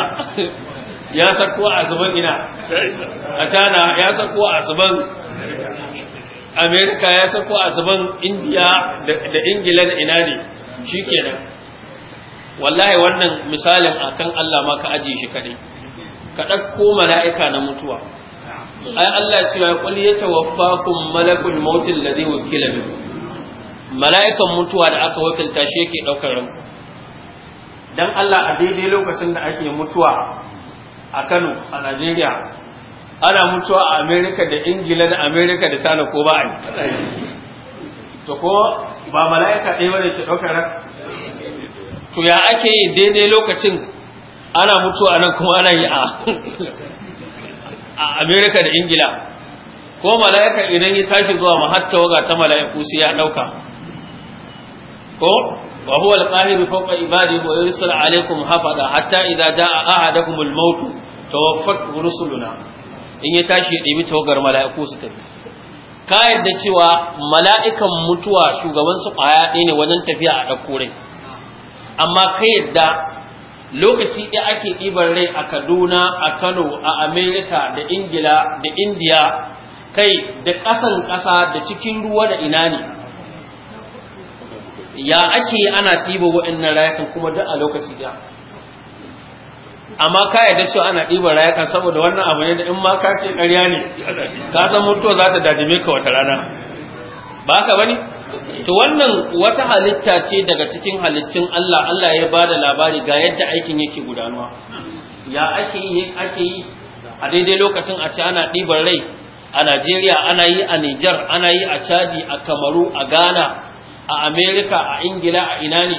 ya sako a asuban ina a tana ya sako a asuban Amerika ya sako a asuban Indiya da Ingila da ina ne shi kenan wallahi wannan misalin akan Allah ma ka ajiye shi kadai ka ɗauko mala'ika na mutuwa ai Allah cewa qul yatawaffakum malakul maut alladhi wukila bi mala'ikan mutuwa da aka wakilta shi yake daukar ranku dan Allah a daidai lokacin da ake mutuwa a Kano a Najeriya ana mutuwa a America da Ingila da America da Tana ko ba a to ko ba mala'ika ɗaya bane ke daukar ran to ya ake yi daidai lokacin ana mutuwa nan kuma ana yi a a Amerika da ingila ko mala'ika idan ya tashi zuwa mahatta waga ta mala'iku sai ya ɗauka ko wa huwa al-qahiru fawqa ibadihi wa yursilu alaykum hafada hatta idza jaa ahadakum al-maut tawaffat rusuluna in ya tashi ya ɗebi tawagar mala'iku su tafi ka yadda cewa mala'ikan mutuwa shugaban su kwaya ɗaya ne wajen tafiya a ɗaukorai, amma ka yadda lokaci ɗaya ake ɗibar rai a kaduna a kano a amerika da ingila da indiya kai da ƙasan ƙasa da cikin ruwa da ina ne ya ake ana ɗiba waɗannan rayakan kuma duk a lokaci ɗaya amma ka yarda cewa ana ɗiba rayakan saboda wannan abu ne da in ma ka ce ƙarya ne ka san mutuwa za ta dadime ka wata rana ba ka bane to wannan wata halitta ce daga cikin halittun Allah Allah ya ba da labari ga yadda aikin yake gudanuwa ya ake yi ake yi a daidai lokacin a ce ana ɗiban rai a Najeriya ana yi a Nijar ana yi a Chadi a Kamaru a Ghana a Amerika a Ingila a ina ne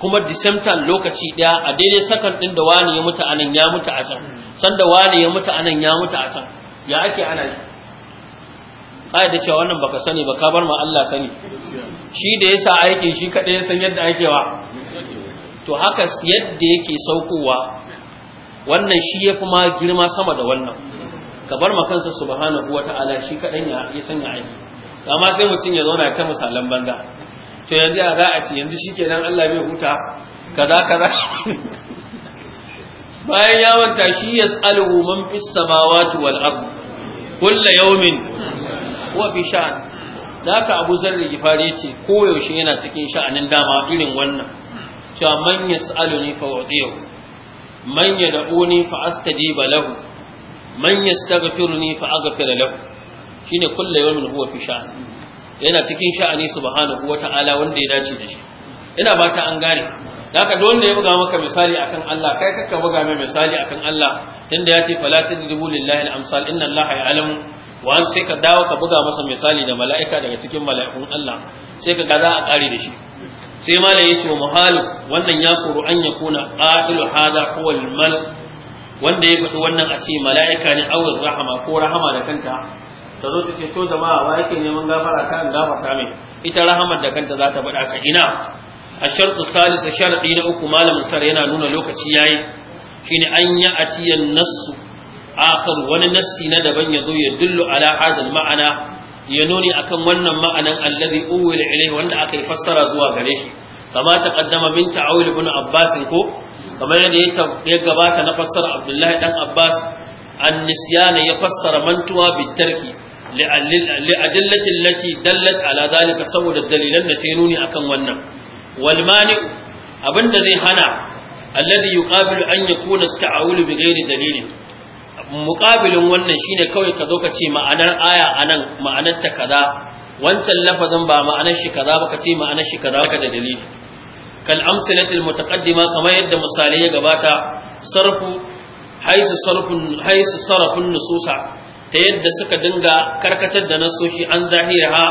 kuma disemtan lokaci ɗaya a daidai sakan ɗin da wani ya mutu anan ya mutu a can sanda wani ya mutu anan ya mutu a can ya ake ana yi kai da cewa wannan baka sani ba ka bar ma Allah sani shi da yasa aikin shi kadai ya san yadda ake wa to haka yadda yake saukowa wannan shi ya kuma girma sama da wannan ka bar ma kansa subhanahu wata'ala shi kadan ya ya sanya aiki amma sai mutum ya zauna ta misalan banza to yanzu ya za a ce yanzu shi shikenan Allah bai huta kaza kaza [LAUGHS] bayan ya wanta shi yas'aluhu man fis samawati wal ard kullu yawmin wa fi sha'an da haka Abu Zarri Gifari ce koyaushe yana cikin sha'anin dama irin wannan cewa man yas'aluni fa u'tihi man yad'uni fa astajiba lahu man yastaghfiruni fa aghfir lahu shine kullu yawmin huwa fi sha'an yana cikin sha'ani subhanahu wata'ala wanda ya dace da shi ina ba ta an gane da haka wanda ya buga maka misali akan Allah kai kaka buga mai misali akan Allah tunda ya ce fala lillahi al-amsal inna Allah ya'lamu wani sai ka dawo ka buga masa misali da mala'ika daga cikin mala'ikun Allah sai ka ga za a ƙare da shi sai malam ya ce wa muhalu wannan ya koru an ya kuna qatilu hada huwa mal wanda ya faɗi wannan a ce mala'ika ne awar rahama ko rahama da kanta ta zo ta ce jama'a wa yake neman gafara ta gafarta mai ita rahamar da kanta za ta faɗa ka ina a sharɗu salis a sharaɗi na uku malamin sar yana nuna lokaci yi. shine an yi atiyan nasu. akhar wani nassi na daban ya zo ya dullu ala ma'ana ya nuni akan wannan ma'anan allazi uwila ilayhi wanda aka yi fassara zuwa gare shi kama taqaddama min ta'awil ibn abbas ko kamar yadda ya gabata na fassara abdullahi dan abbas an ya fassara mantuwa bitarki li'adillatin lati dallat ala zalika saboda dalilan da sai nuni akan wannan wal mani abinda zai hana alladhi yuqabilu an ya kuna taawul bi ghairi dalilin muƙabilin wannan shine kawai ka zo ka ce ma'anar aya anan ma'anar ta kaza wancan lafazin ba ma'anar shi kaza ba ka ce ma'anar shi kaza ka da dalili kal amsalatil mutaqaddima kamar yadda misalai ya gabata sarfu haisu sarfun haisu sarfun nususa ta yadda suka dinga karkatar da nasoshi an zahiraha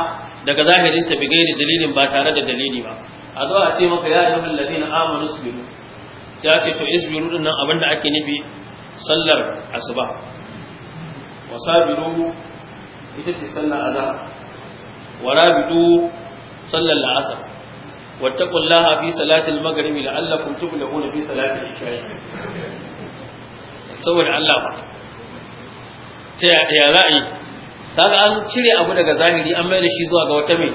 daga zahirin ta da dalilin ba tare da dalili ba a zo a ce maka ya ayyuhal ladina amanu sabiru sai a ce to isbiru din nan abinda ake nufi sallar asuba wa Sabiru ita ce sallar azhar warabidu sallar la'asar Wa wattaqullaha fi salatil maghribi la'allakum tuflihuna fi salatil isha saboda Allah ba ta ya ra'ayi kaga an cire abu daga zahiri an mai da shi zuwa ga wata mai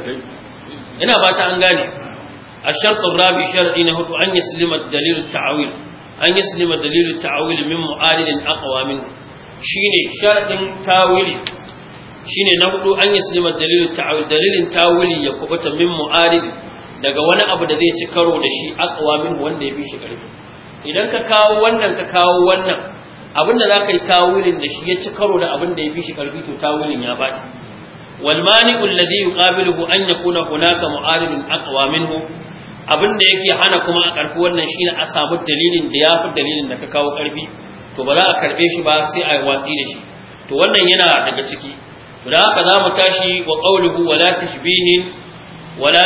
ina ba ta an gane الشرط الرابع شرط إنه أن يسلم الدليل التعويل an yi nima dalilu ta'awili min mu'alilin aqwa min shine sharadin tawili shine na hudu an yi nima dalilu ta'awili dalilin tawili ya kubuta min mu'alil daga wani abu da zai ci karo da shi aqwa min wanda ya bi shi karfi idan ka kawo wannan ka kawo wannan abin da zaka yi tawilin da shi ya ci karo da abin da ya bi shi karfi to tawilin ya bada wal mani'u alladhi yuqabiluhu an yakuna hunaka mu'alilun aqwa minhu abin da yake hana kuma a karfi wannan shine a samu dalilin da ya fi dalilin da ka kawo karfi to ba za a karbe shi ba sai a watsi da shi to wannan yana daga ciki to da haka za mu tashi wa qawluhu wala tashbihin wala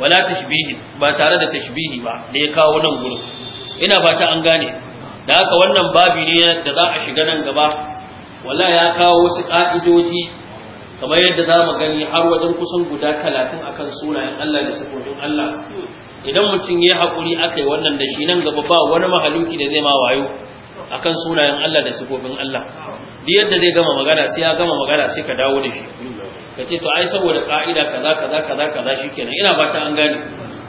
wala tashbihin ba tare da tashbihi ba da ya kawo nan gurin ina fata an gane da haka wannan babi ne da za a shiga nan gaba wala ya kawo wasu ka'idoji kamar yadda za mu gani har wajen kusan guda talatin akan sunayen Allah da sifofin Allah idan mutum ya hakuri aka yi wannan da shi nan gaba ba wani mahaluki da zai ma wayo akan sunayen Allah da sifofin Allah duk yadda zai gama magana sai ya gama magana sai ka dawo da shi ka ce to ai saboda ka'ida kaza kaza kaza kaza shikenan ina ba ta an gane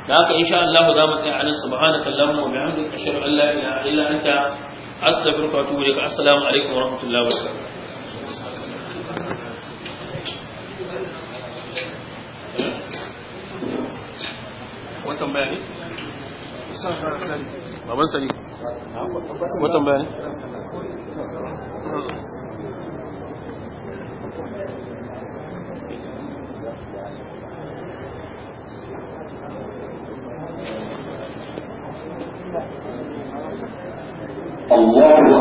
da haka insha Allah za mu tsaya anan subhanaka allahumma wa bihamdika ashhadu an la ilaha illa anta astaghfiruka wa atubu ilaik assalamu alaikum wa rahmatullahi wa barakatuh akwai tambaya baban sani